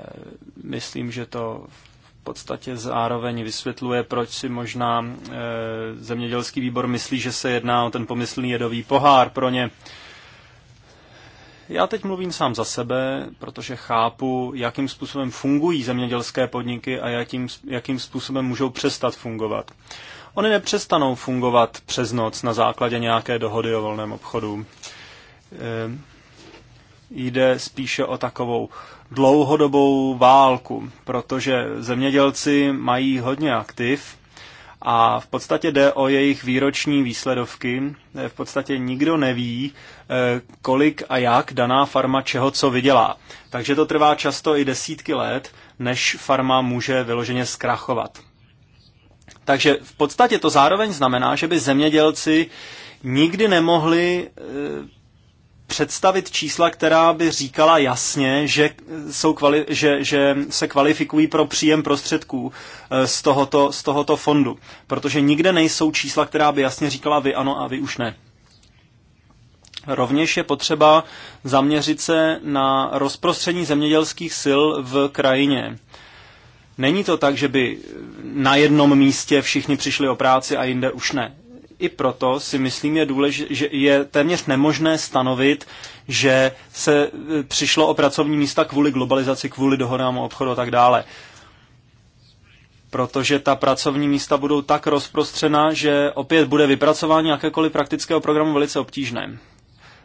myslím, že to v podstatě zároveň vysvětluje, proč si možná eh, zemědělský výbor myslí, že se jedná o ten pomyslný jedový pohár pro ně. Já teď mluvím sám za sebe, protože chápu, jakým způsobem fungují zemědělské podniky a jakým, jakým způsobem můžou přestat fungovat. Ony nepřestanou fungovat přes noc na základě nějaké dohody o volném obchodu. Eh, jde spíše o takovou dlouhodobou válku, protože zemědělci mají hodně aktiv a v podstatě jde o jejich výroční výsledovky. Eh, v podstatě nikdo neví, eh, kolik a jak daná farma čeho co vydělá. Takže to trvá často i desítky let, než farma může vyloženě zkrachovat. Takže v podstatě to zároveň znamená, že by zemědělci nikdy nemohli eh, představit čísla, která by říkala jasně, že, jsou kvali- že, že se kvalifikují pro příjem prostředků eh, z tohoto, z tohoto fondu. Protože nikde nejsou čísla, která by jasně říkala vy ano a vy už ne. Rovněž je potřeba zaměřit se na rozprostření zemědělských sil v krajině. Není to tak, že by na jednom místě všichni přišli o práci a jinde už ne. I proto si myslím, je důležité, že je téměř nemožné stanovit, že se e, přišlo o pracovní místa kvůli globalizaci, kvůli dohodám o obchodu a tak dále protože ta pracovní místa budou tak rozprostřena, že opět bude vypracování jakékoliv praktického programu velice obtížné.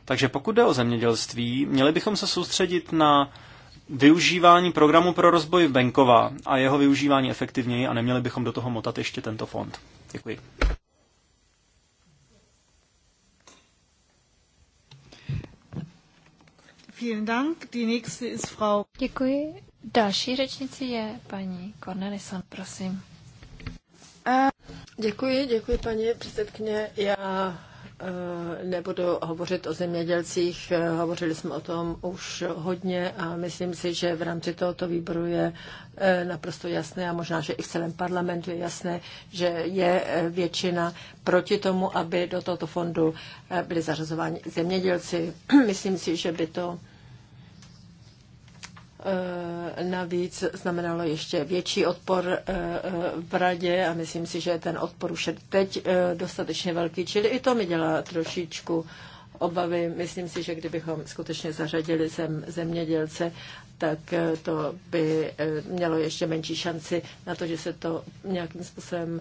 Takže pokud jde o zemědělství, měli bychom se soustředit na využívání programu pro rozboj venkova a jeho využívání efektivněji a neměli bychom do toho motat ještě tento fond. Děkuji. Vielen Dank. Die nächste ist Frau. Děkuji. Další řečnici je paní Cornelison, prosím. Eh, děkuji, děkuji paní předsedkyně. Já eh, nebudu hovořit o zemědělcích, eh, hovořili jsme o tom už hodně a myslím si, že v rámci tohoto výboru je naprosto jasné a možná, že i v celém parlamentu je jasné, že je většina proti tomu, aby do tohoto fondu byli zařazováni zemědělci. myslím si, že by to Eh, navíc znamenalo ještě větší odpor eh, eh, v radě a myslím si, že ten odpor už je teď dostatečně velký, čili i to mi dělá trošičku obavy. Myslím si, že kdybychom skutečně zařadili zem, zemědělce, tak to by mělo ještě menší šanci na to, že se to nějakým způsobem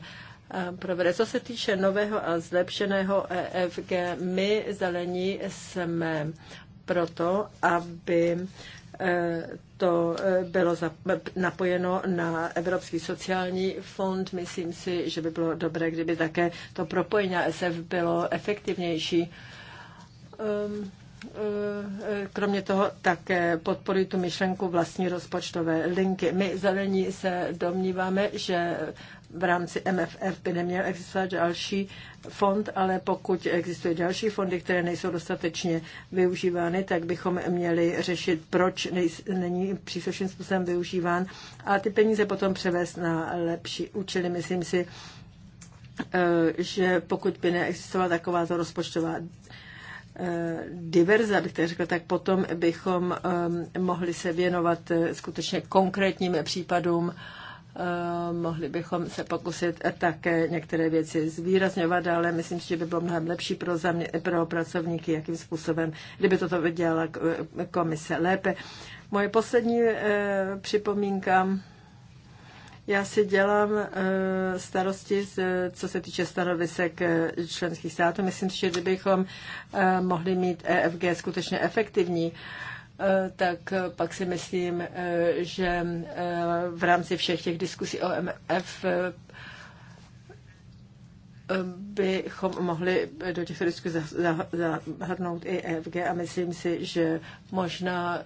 provede. Co se týče nového a zlepšeného EFG, my zelení jsme proto, aby to eh, bylo napojeno na Evropský sociální fond. Myslím si, že by bylo dobré, kdyby také to propojení SF bylo efektivnější. Ehm, eh, kromě toho také podporuji tu myšlenku vlastní rozpočtové linky. My zelení se domníváme, že v rámci MFF by neměl existovat další fond, ale pokud existují další fondy, které nejsou dostatečně využívány, tak bychom měli řešit, proč není příslušným způsobem využíván a ty peníze potom převést na lepší účely. Myslím si, eh, že pokud by neexistovala takováto rozpočtová eh, diverza, bych tak řekla, tak potom bychom eh, mohli se věnovat skutečně konkrétním případům Eh, mohli bychom se pokusit také některé věci zvýrazňovat, ale myslím si, že by bylo mnohem lepší pro, zamě, pro pracovníky, jakým způsobem, kdyby toto vydělala eh, komise lépe. Moje poslední eh, připomínka. Já si dělám starosti, co se týče stanovisek členských států. Myslím si, že kdybychom mohli mít EFG skutečně efektivní, Eh, tak pak si myslím, eh, že eh, v rámci všech těch diskusí o MF bychom mohli do těchto diskusí zahrnout i EFG a myslím si, že možná,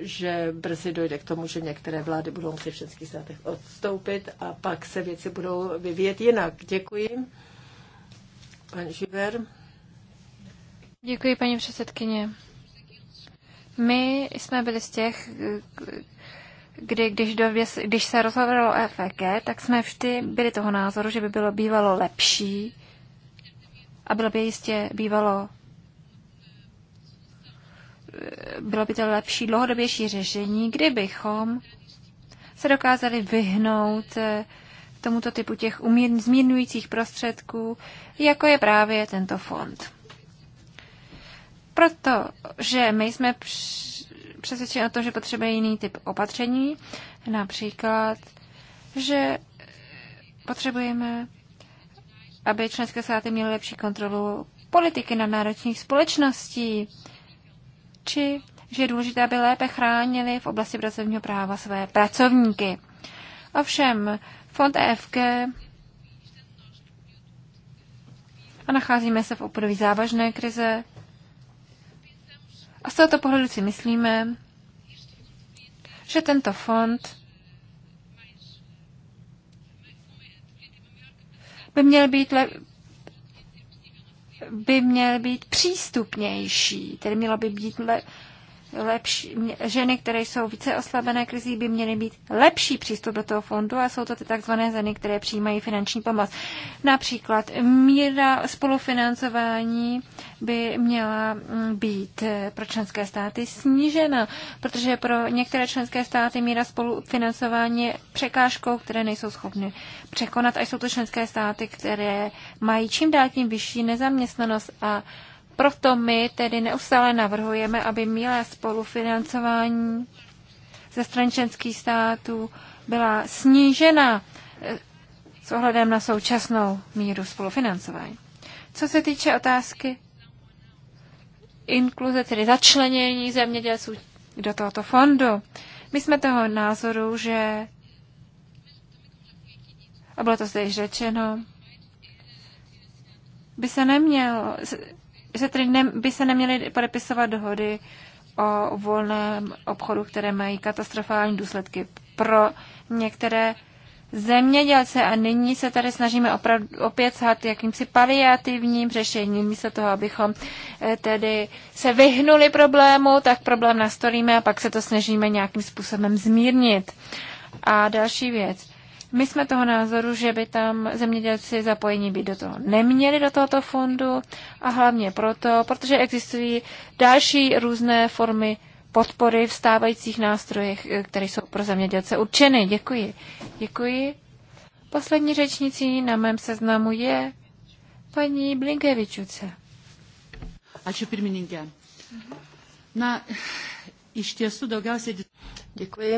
že brzy dojde k tomu, že některé vlády budou muset v českých státech odstoupit a pak se věci budou vyvíjet jinak. Děkuji. Pan Živer. Děkuji, paní předsedkyně. My jsme byli z těch, kdy, když, době, když se rozhovorilo o FEG, tak jsme vždy byli toho názoru, že by bylo bývalo lepší a bylo by jistě bývalo bylo by to lepší dlouhodobější řešení, kdybychom se dokázali vyhnout eh, tomuto typu těch umír, zmírňujících prostředků, jako je právě tento fond. Protože my jsme přesvědčeni o tom, že potřebuje jiný typ opatření, například, že potřebujeme, aby členské státy měly lepší kontrolu politiky na náročních společností, či že je důležité, aby lépe chránili v oblasti pracovního práva své pracovníky. Ovšem, fond EFG a nacházíme se v období závažné krize, a z tohoto pohledu si myslíme, že tento fond by měl být le- by měl být přístupnější, tedy mělo by být le- lepší, ženy, které jsou více oslabené krizí, by měly být lepší přístup do toho fondu a jsou to ty takzvané ženy, které přijímají finanční pomoc. Například míra spolufinancování by měla mm, být eh, pro členské státy snížena, protože pro některé členské státy míra spolufinancování je překážkou, které nejsou schopny překonat a jsou to členské státy, které mají čím dál tím vyšší nezaměstnanost a proto my tedy neustále navrhujeme, aby míle spolufinancování ze stran členských států byla snížena eh, s ohledem na současnou míru spolufinancování. Co se týče otázky inkluze, tedy začlenění zemědělců do tohoto fondu, my jsme toho názoru, že, a bylo to zde již řečeno, by se nemělo, že tedy ne, by se neměly podepisovat dohody o volném obchodu, které mají katastrofální důsledky pro některé zemědělce a nyní se tady snažíme opravdu opět shat jakýmsi paliativním řešením, místo toho, abychom eh, tedy se vyhnuli problému, tak problém nastolíme a pak se to snažíme nějakým způsobem zmírnit. A další věc. My jsme toho názoru, že by tam zemědělci zapojení být do toho neměli, do tohoto fondu a hlavně proto, protože existují další různé formy podpory v stávajících nástrojech, eh, které jsou pro zemědělce určeny. Děkuji. Děkuji. Poslední řečnicí na mém seznamu je paní Blinkevičuce. Ačiū pirmininkė. Na, iš tiesų daugiausiai... Děkuji.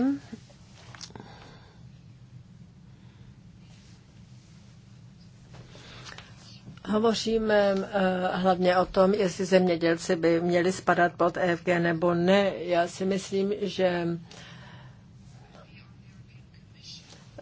Hovoříme eh, hlavně o tom, jestli zemědělci by měli spadat pod EFG nebo ne. Já si myslím, že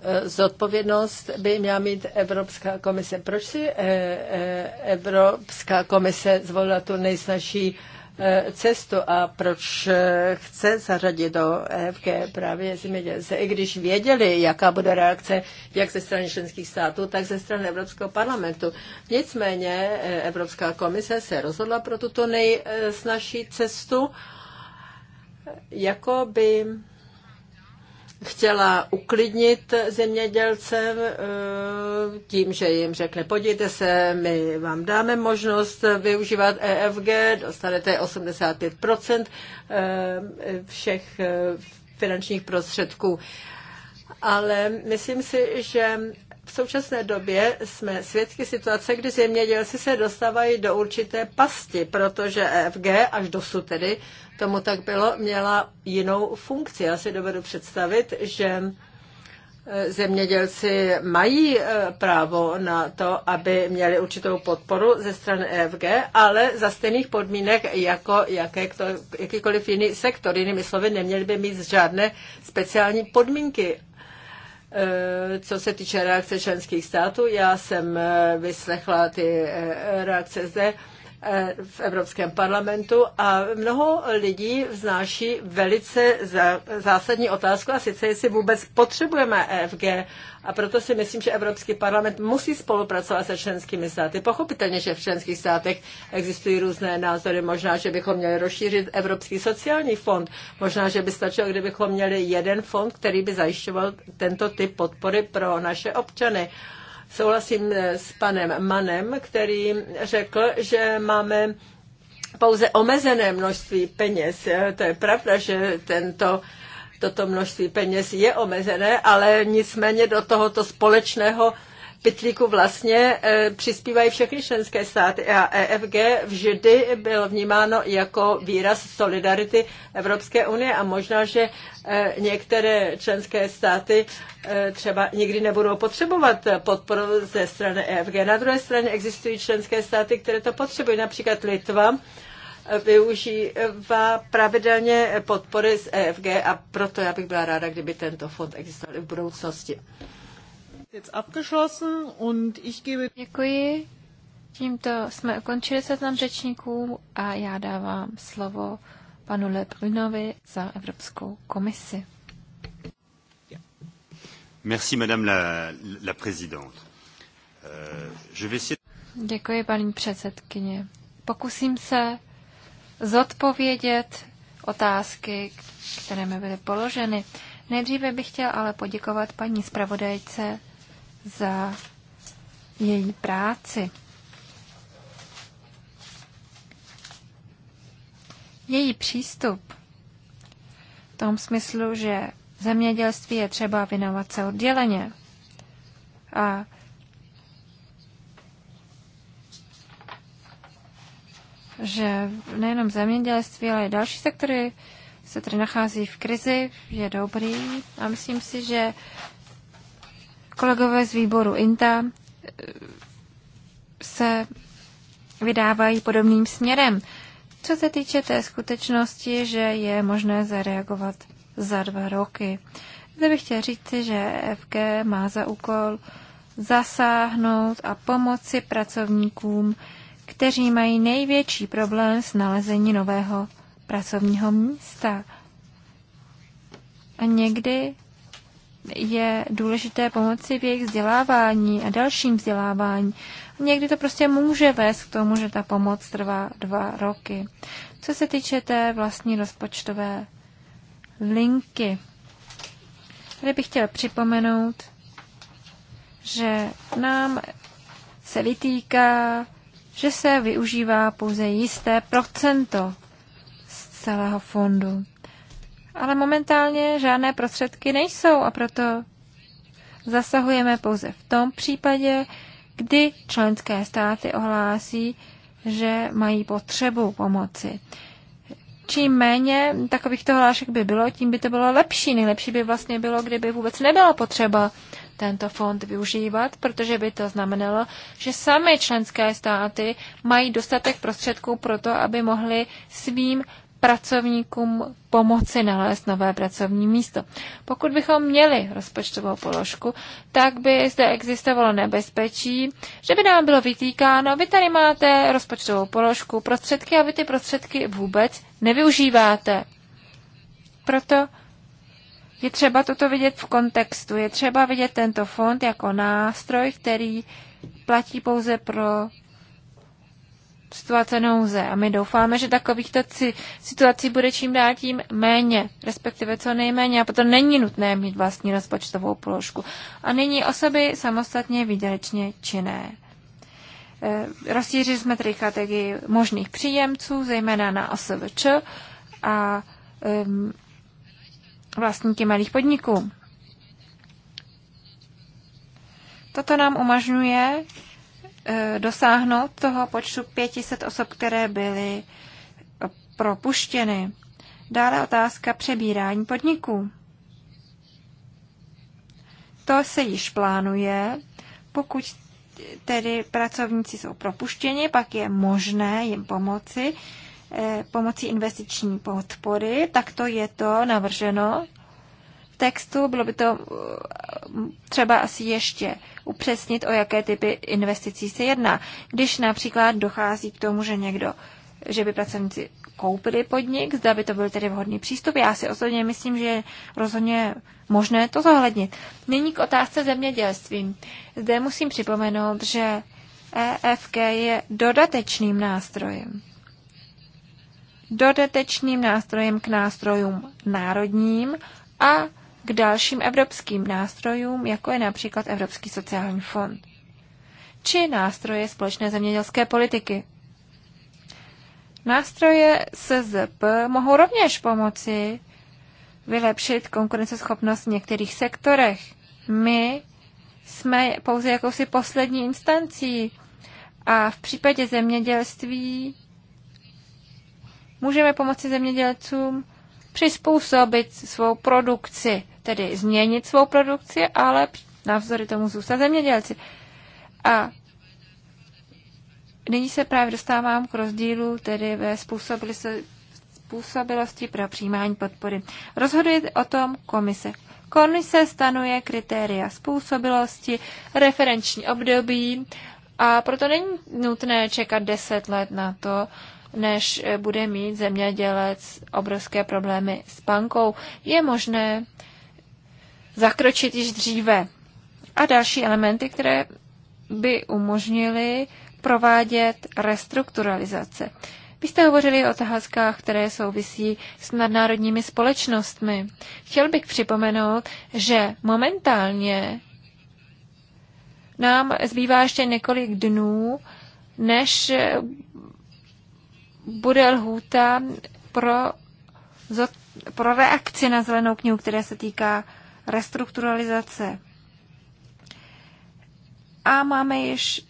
eh, zodpovědnost by měla mít Evropská komise. Proč si eh, Evropská komise zvolila tu nejsnažší Eh, cestu a proč eh, chce zařadit do EFG právě zemědělce. I když věděli, jaká bude reakce jak ze strany členských států, tak ze strany Evropského parlamentu. Nicméně eh, Evropská komise se rozhodla pro tuto nejsnažší cestu, jako by chtěla uklidnit zemědělce eh, tím, že jim řekne, podívejte se, my vám dáme možnost využívat EFG, dostanete 85% eh, všech eh, finančních prostředků. Ale myslím si, že v současné době jsme svědky situace, kdy zemědělci se dostávají do určité pasti, protože EFG až dosud tedy tomu tak bylo, měla jinou funkci. Já si dovedu představit, že e, zemědělci mají e, právo na to, aby měli určitou podporu ze strany EFG, ale za stejných podmínek jako jaké, jakýkoliv jiný sektor. Jinými slovy, neměli by mít žádné speciální podmínky Eh, co se týče reakce členských států, já jsem eh, vyslechla ty eh, reakce zde. Eh, v Evropském parlamentu a mnoho lidí vznáší velice zásadní otázku a sice jestli vůbec potřebujeme EFG a proto si myslím, že Evropský parlament musí spolupracovat se členskými státy. Pochopitelně, že v členských státech existují různé názory. Možná, že bychom měli rozšířit Evropský sociální fond. Možná, že by stačilo, kdybychom měli jeden fond, který by zajišťoval tento typ podpory pro naše občany. Souhlasím s panem Manem, který řekl, že máme pouze omezené množství peněz. To je pravda, že tento toto množství peněz je omezené, ale nicméně do tohoto společného pitlíku vlastně eh, přispívají všechny členské státy a EFG vždy bylo vnímáno jako výraz solidarity Evropské unie a možná, že eh, některé členské státy eh, třeba nikdy nebudou potřebovat podporu ze strany EFG. Na druhé straně existují členské státy, které to potřebují, například Litva využívá pravidelně podpory z EFG a proto já bych byla ráda, kdyby tento fond existoval i v budoucnosti. Děkuji. Tímto jsme ukončili seznam řečníků a já dávám slovo panu Lebrunovi za Evropskou komisi. Merci, madame la, la présidente. Euh, je vais Děkuji, paní předsedkyně. Pokusím se zodpovědět otázky, které mi byly položeny. Nejdříve bych chtěl ale poděkovat paní zpravodajce za její práci. Její přístup v tom smyslu, že zemědělství je třeba věnovat se odděleně a že nejenom zemědělství, ale i další sektory se tady nachází v krizi, je dobrý a myslím si, že Kolegové z výboru INTA eh, se vydávají podobným směrem. Co se týče té skutečnosti, že je možné zareagovat za dva roky. Zde bych chtěl říct, že FG má za úkol zasáhnout a pomoci pracovníkům, kteří mají největší problém s nalezení nového pracovního místa. A někdy je důležité pomoci v jejich vzdělávání a dalším vzdělávání. Někdy to prostě může vést k tomu, že ta pomoc trvá dva roky. Co se týče té vlastní rozpočtové linky, tady bych chtěl připomenout, že nám se vytýká, že se využívá pouze jisté procento z celého fondu ale momentálně žádné prostředky nejsou a proto zasahujeme pouze v tom případě, kdy členské státy ohlásí, že mají potřebu pomoci. Čím méně takovýchto hlášek by bylo, tím by to bylo lepší. Nejlepší by vlastně bylo, kdyby vůbec nebyla potřeba tento fond využívat, protože by to znamenalo, že sami členské státy mají dostatek prostředků pro to, aby mohli svým pracovníkům pomoci nalézt nové pracovní místo. Pokud bychom měli rozpočtovou položku, tak by zde existovalo nebezpečí, že by nám bylo vytýkáno, vy tady máte rozpočtovou položku, prostředky a vy ty prostředky vůbec nevyužíváte. Proto je třeba toto vidět v kontextu. Je třeba vidět tento fond jako nástroj, který platí pouze pro situace nouze. A my doufáme, že takovýchto situací bude čím dál tím méně, respektive co nejméně. A proto není nutné mít vlastní rozpočtovou položku. A nyní osoby samostatně výdělečně činné. E, rozšířili jsme tedy kategorii možných příjemců, zejména na OSVČ a um, vlastníky malých podniků. Toto nám umožňuje Eh, dosáhnout toho počtu 500 osob, které byly propuštěny. Dále otázka přebírání podniků. To se již plánuje. Pokud tedy pracovníci jsou propuštěni, pak je možné jim pomoci eh, pomocí investiční podpory. Takto je to navrženo textu. Bylo by to uh, třeba asi ještě upřesnit, o jaké typy investicí se jedná. Když například dochází k tomu, že někdo že by pracovníci koupili podnik, zda by to byl tedy vhodný přístup. Já si osobně myslím, že je rozhodně možné to zohlednit. Nyní k otázce zemědělství. Zde musím připomenout, že EFK je dodatečným nástrojem. Dodatečným nástrojem k nástrojům národním a k dalším evropským nástrojům, jako je například Evropský sociální fond či nástroje společné zemědělské politiky. Nástroje SZP mohou rovněž pomoci vylepšit konkurenceschopnost v některých sektorech. My jsme pouze jakousi poslední instancí a v případě zemědělství můžeme pomoci zemědělcům přizpůsobit svou produkci tedy změnit svou produkci, ale navzory tomu zůstat zemědělci. A nyní se právě dostávám k rozdílu tedy ve způsobilosti, pro přijímání podpory. Rozhoduje o tom komise. Komise stanuje kritéria způsobilosti, referenční období a proto není nutné čekat 10 let na to, než bude mít zemědělec obrovské problémy s bankou. Je možné zakročit již dříve. A další elementy, které by umožnily provádět restrukturalizace. Vy jste hovořili o otázkách, které souvisí s nadnárodními společnostmi. Chtěl bych připomenout, že momentálně nám zbývá ještě několik dnů, než bude lhůta pro, pro reakci na zelenou knihu, která se týká restrukturalizace. A máme již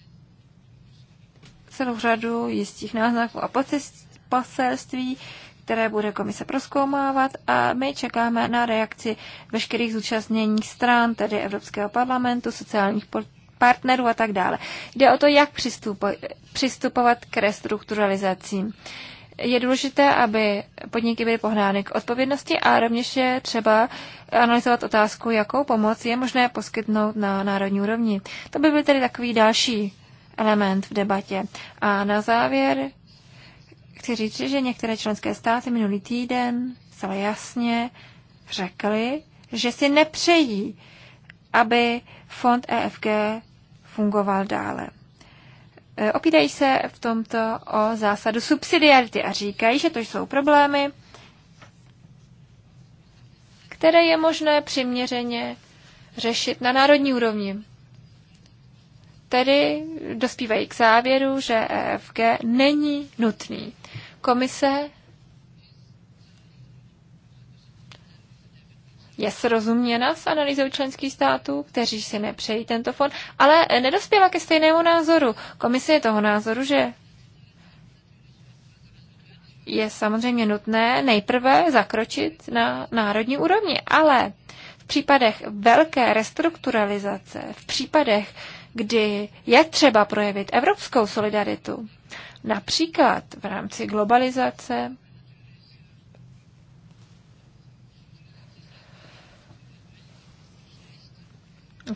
celou řadu jistých náznaků a poselství, které bude komise proskoumávat a my čekáme na reakci veškerých zúčastněných stran, tedy Evropského parlamentu, sociálních partnerů a tak dále. Jde o to, jak přistupovat k restrukturalizacím je důležité, aby podniky byly pohnány k odpovědnosti a rovněž je třeba analyzovat otázku, jakou pomoc je možné poskytnout na národní úrovni. To by byl tedy takový další element v debatě. A na závěr chci říct, že některé členské státy minulý týden zcela jasně řekly, že si nepřejí, aby fond EFG fungoval dále. Eh, opírají se v tomto o zásadu subsidiarity a říkají, že to jsou problémy, které je možné přiměřeně řešit na národní úrovni. Tedy dospívají k závěru, že EFG není nutný. Komise je srozuměna s analýzou členských států, kteří si nepřejí tento fond, ale nedospěla ke stejnému názoru. Komise je toho názoru, že je samozřejmě nutné nejprve zakročit na národní úrovni, ale v případech velké restrukturalizace, v případech, kdy je třeba projevit evropskou solidaritu, například v rámci globalizace,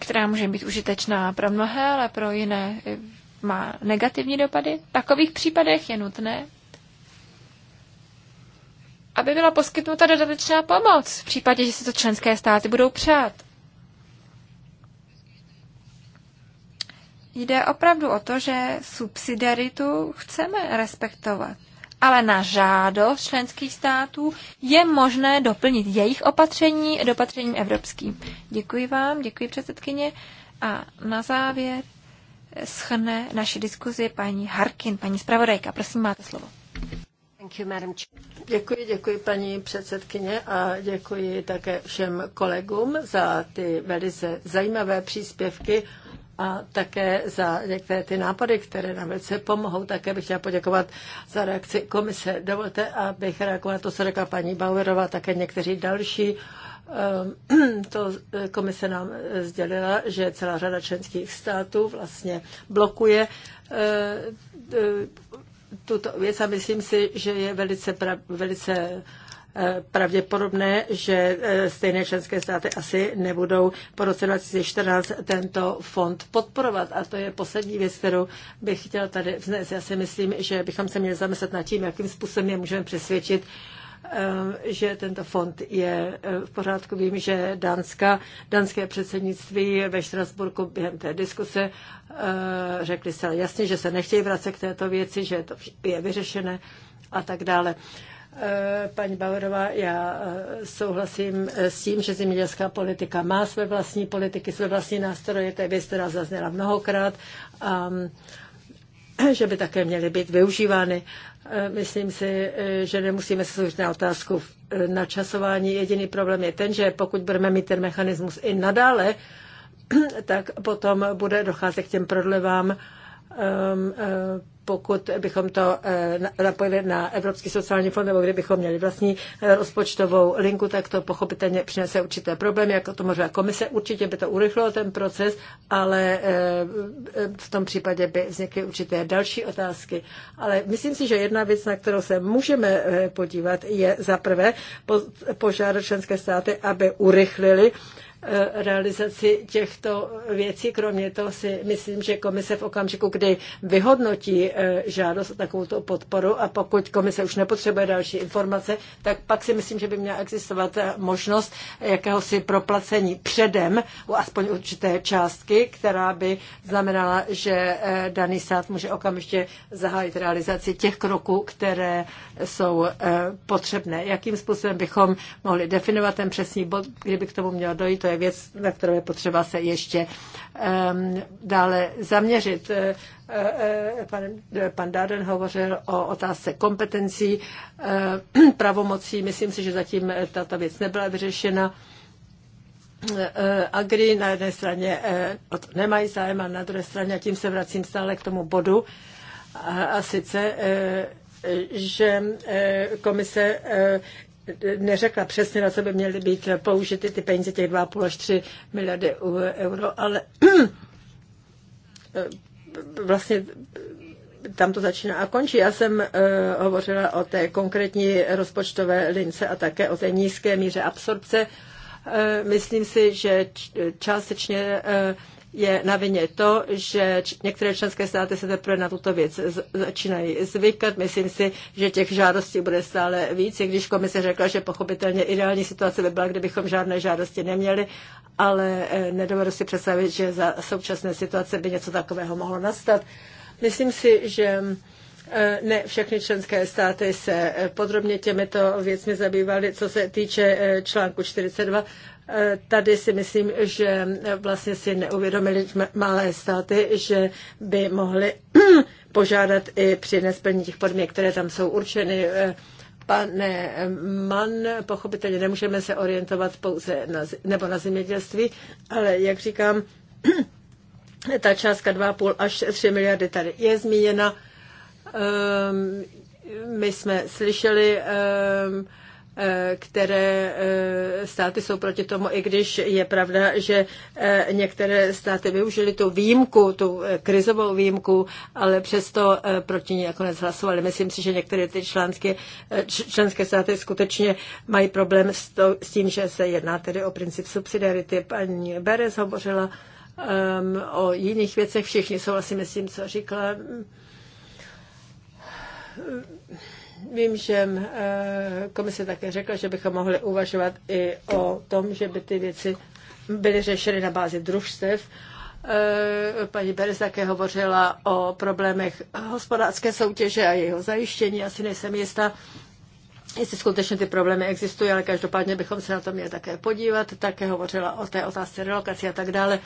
která může být užitečná pro mnohé, ale pro jiné má negativní dopady. V takových případech je nutné, aby byla poskytnuta dodatečná pomoc v případě, že si to členské státy budou přát. Jde opravdu o to, že subsidiaritu chceme respektovat ale na žádost členských států je možné doplnit jejich opatření dopatřením evropským. Děkuji vám, děkuji předsedkyně a na závěr schne naši diskuzi paní Harkin, paní zpravodajka. Prosím, máte slovo. Děkuji, děkuji paní předsedkyně a děkuji také všem kolegům za ty velice zajímavé příspěvky a také za některé ty nápady, které nám velice pomohou. Také bych chtěla poděkovat za reakci komise. Dovolte, abych reagovala na to, co řekla paní Bauerová, také někteří další. Ehm, to komise nám sdělila, že celá řada členských států vlastně blokuje eh, eh, tuto věc a myslím si, že je velice, pra, velice pravděpodobné, že e, stejné členské státy asi nebudou po roce 2014 tento fond podporovat. A to je poslední věc, kterou bych chtěla tady vznést. Já si myslím, že bychom se měli zamyslet nad tím, jakým způsobem je můžeme přesvědčit, e, že tento fond je e, v pořádku. Vím, že Dánska, dánské předsednictví ve Štrasburku během té diskuse řekli se jasně, že se nechtějí vracet k této věci, že to je vyřešené a tak dále. Eh, paní Bauerová, já eh, souhlasím eh, s tím, že zemědělská politika má své vlastní politiky, své vlastní nástroje, to je věc, která zazněla mnohokrát, a ehm, že by také měly být využívány. Myslím si, že nemusíme se soustředit na otázku na časování. Jediný problém je ten, že pokud budeme mít ten mechanismus i nadále, tak potom bude docházet k těm prodlevám ehm, pokud bychom to eh, napojili na Evropský sociální fond, nebo kdybychom měli vlastní eh, rozpočtovou linku, tak to pochopitelně přinese určité problémy, jako to možná komise. Určitě by to urychlilo ten proces, ale eh, v tom případě by vznikly určité další otázky. Ale myslím si, že jedna věc, na kterou se můžeme podívat, je za prvé požádat členské státy, aby urychlili Eh, realizaci těchto věcí. Kromě toho si myslím, že komise v okamžiku, kdy vyhodnotí eh, žádost o takovouto podporu a pokud komise už nepotřebuje další informace, tak pak si myslím, že by měla existovat eh, možnost jakéhosi proplacení předem, aspoň určité částky, která by znamenala, že daný stát může okamžitě zahájit realizaci těch kroků, které jsou potřebné. Jakým způsobem bychom mohli definovat ten přesný bod, kdyby k tomu mělo dojít, to je je věc, na kterou je potřeba se ještě um, dále zaměřit. Eh, eh, pan, pan Darden hovořil o otázce kompetencí, ehm, pravomocí. Myslím si, že zatím tato věc nebyla vyřešena. Eh, Agri na jedné straně o to nemají zájem a na druhé straně, a tím se vracím stále k tomu bodu, a, a sice že komise neřekla přesně, na co by měly být použity ty peníze, těch 2,5 až 3 miliardy euro, ale vlastně tam to začíná a končí. Já jsem uh, hovořila o té konkrétní rozpočtové lince a také o té nízké míře absorpce. Uh, myslím si, že částečně uh, je na vině to, že některé členské státy se teprve na tuto věc začínají zvykat. Myslím si, že těch žádostí bude stále víc, i když komise řekla, že pochopitelně ideální situace by byla, kdybychom žádné žádosti neměli, ale eh, nedovedu si představit, že za současné situace by něco takového mohlo nastat. Myslím si, že E, ne všechny členské státy se e, podrobně těmito věcmi zabývaly, co se týče e, článku 42. Tady si myslím, že vlastně si neuvědomili malé státy, že by mohli požádat i při nesplnění těch podmínek, které tam jsou určeny. Pane Man, pochopitelně nemůžeme se orientovat pouze na, nebo na zemědělství, ale jak říkám, ta částka 2,5 až 3 miliardy tady je zmíněna Ehm, my jsme slyšeli, ehm, eh, které eh, státy jsou proti tomu, i když je pravda, že eh, některé státy využili tu výjimku, tu krizovou výjimku, ale přesto proti ní nakonec hlasovali. Myslím si, že některé ty členské, členské státy skutečně mají problém s, to, s tím, že se jedná tedy o princip subsidiarity. Paní Beres hovořila um, o jiných věcech, všichni souhlasíme s tím, co říkala. Vím, že eh, komise také řekla, že bychom mohli uvažovat i o tom, že by ty věci byly řešeny na bázi družstev. Eh, paní Beres také hovořila o problémech hospodářské soutěže a jeho zajištění. Asi nejsem jistá, jestli skutečně ty problémy existují, ale každopádně bychom se na to měli také podívat. Také hovořila o té otázce relokace a tak dále.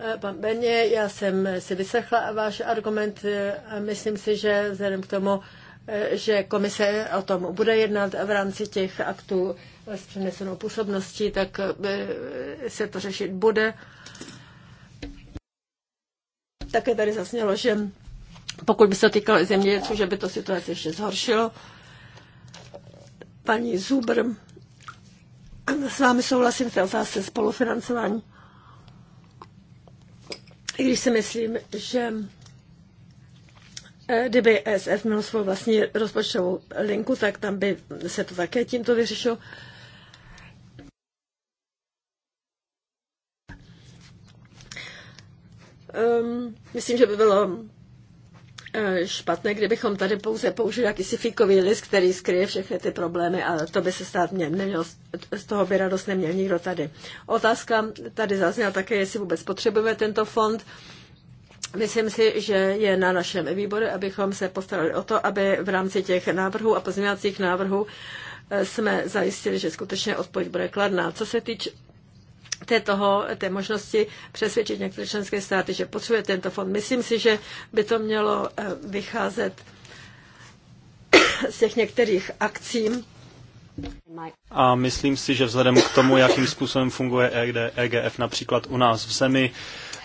Eh, pan Beně, já jsem si vyslechla váš argument eh, a myslím si, že vzhledem k tomu, eh, že komise o tom bude jednat v rámci těch aktů s přenesenou působností, tak se to řešit bude. Také tady zasnělo, že pokud by se týkalo zemědělců, že by to situaci ještě zhoršilo. Paní Zubr, s vámi souhlasím v té otázce spolufinancování. I když si myslím, že eh, kdyby SF mělo svou vlastní rozpočtovou linku, tak tam by se to také tímto vyřešilo. Um, myslím, že by bylo Eh, špatné, kdybychom tady pouze použili jakýsi fíkový list, který skryje všechny ty problémy a to by se stát mě, neměl, z toho by radost neměl nikdo tady. Otázka tady zazněla také, jestli vůbec potřebujeme tento fond. Myslím si, že je na našem výboru, abychom se postarali o to, aby v rámci těch návrhů a pozměňovacích návrhů eh, jsme zajistili, že skutečně odpověď bude kladná. Co se týče té, toho, té možnosti přesvědčit některé členské státy, že potřebuje tento fond. Myslím si, že by to mělo eh, vycházet z těch některých akcí. A myslím si, že vzhledem k tomu, jakým způsobem funguje EGF například u nás v zemi,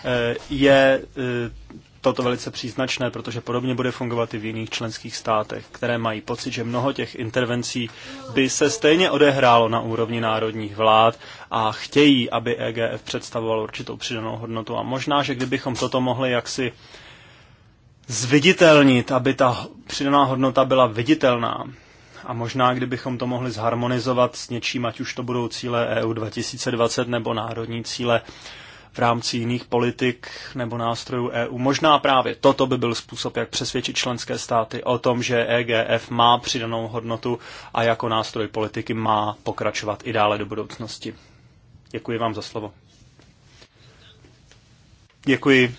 eh, je eh, toto velice příznačné, protože podobně bude fungovat i v jiných členských státech, které mají pocit, že mnoho těch intervencí by se stejně odehrálo na úrovni národních vlád a chtějí, aby EGF představoval určitou přidanou hodnotu. A možná, že kdybychom toto mohli jaksi zviditelnit, aby ta přidaná hodnota byla viditelná, a možná, kdybychom to mohli zharmonizovat s něčím, ať už to budou cíle EU 2020 nebo národní cíle v rámci jiných politik nebo nástrojů EU. Možná právě toto by byl způsob, jak přesvědčit členské státy o tom, že EGF má přidanou hodnotu a jako nástroj politiky má pokračovat i dále do budoucnosti. Děkuji vám za slovo. Děkuji.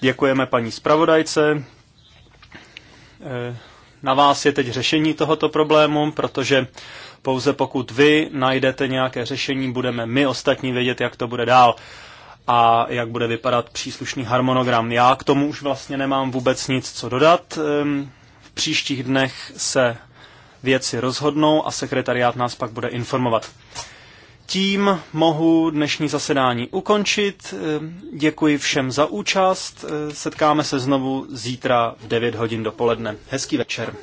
Děkujeme paní zpravodajce. Eh, na vás je teď řešení tohoto problému, protože pouze pokud vy najdete nějaké řešení, budeme my ostatní vědět, jak to bude dál a jak bude vypadat příslušný harmonogram. Já k tomu už vlastně nemám vůbec nic co dodat. V příštích dnech se věci rozhodnou a sekretariát nás pak bude informovat. Tím mohu dnešní zasedání ukončit. Děkuji všem za účast. Setkáme se znovu zítra v 9 hodin dopoledne. Hezký večer.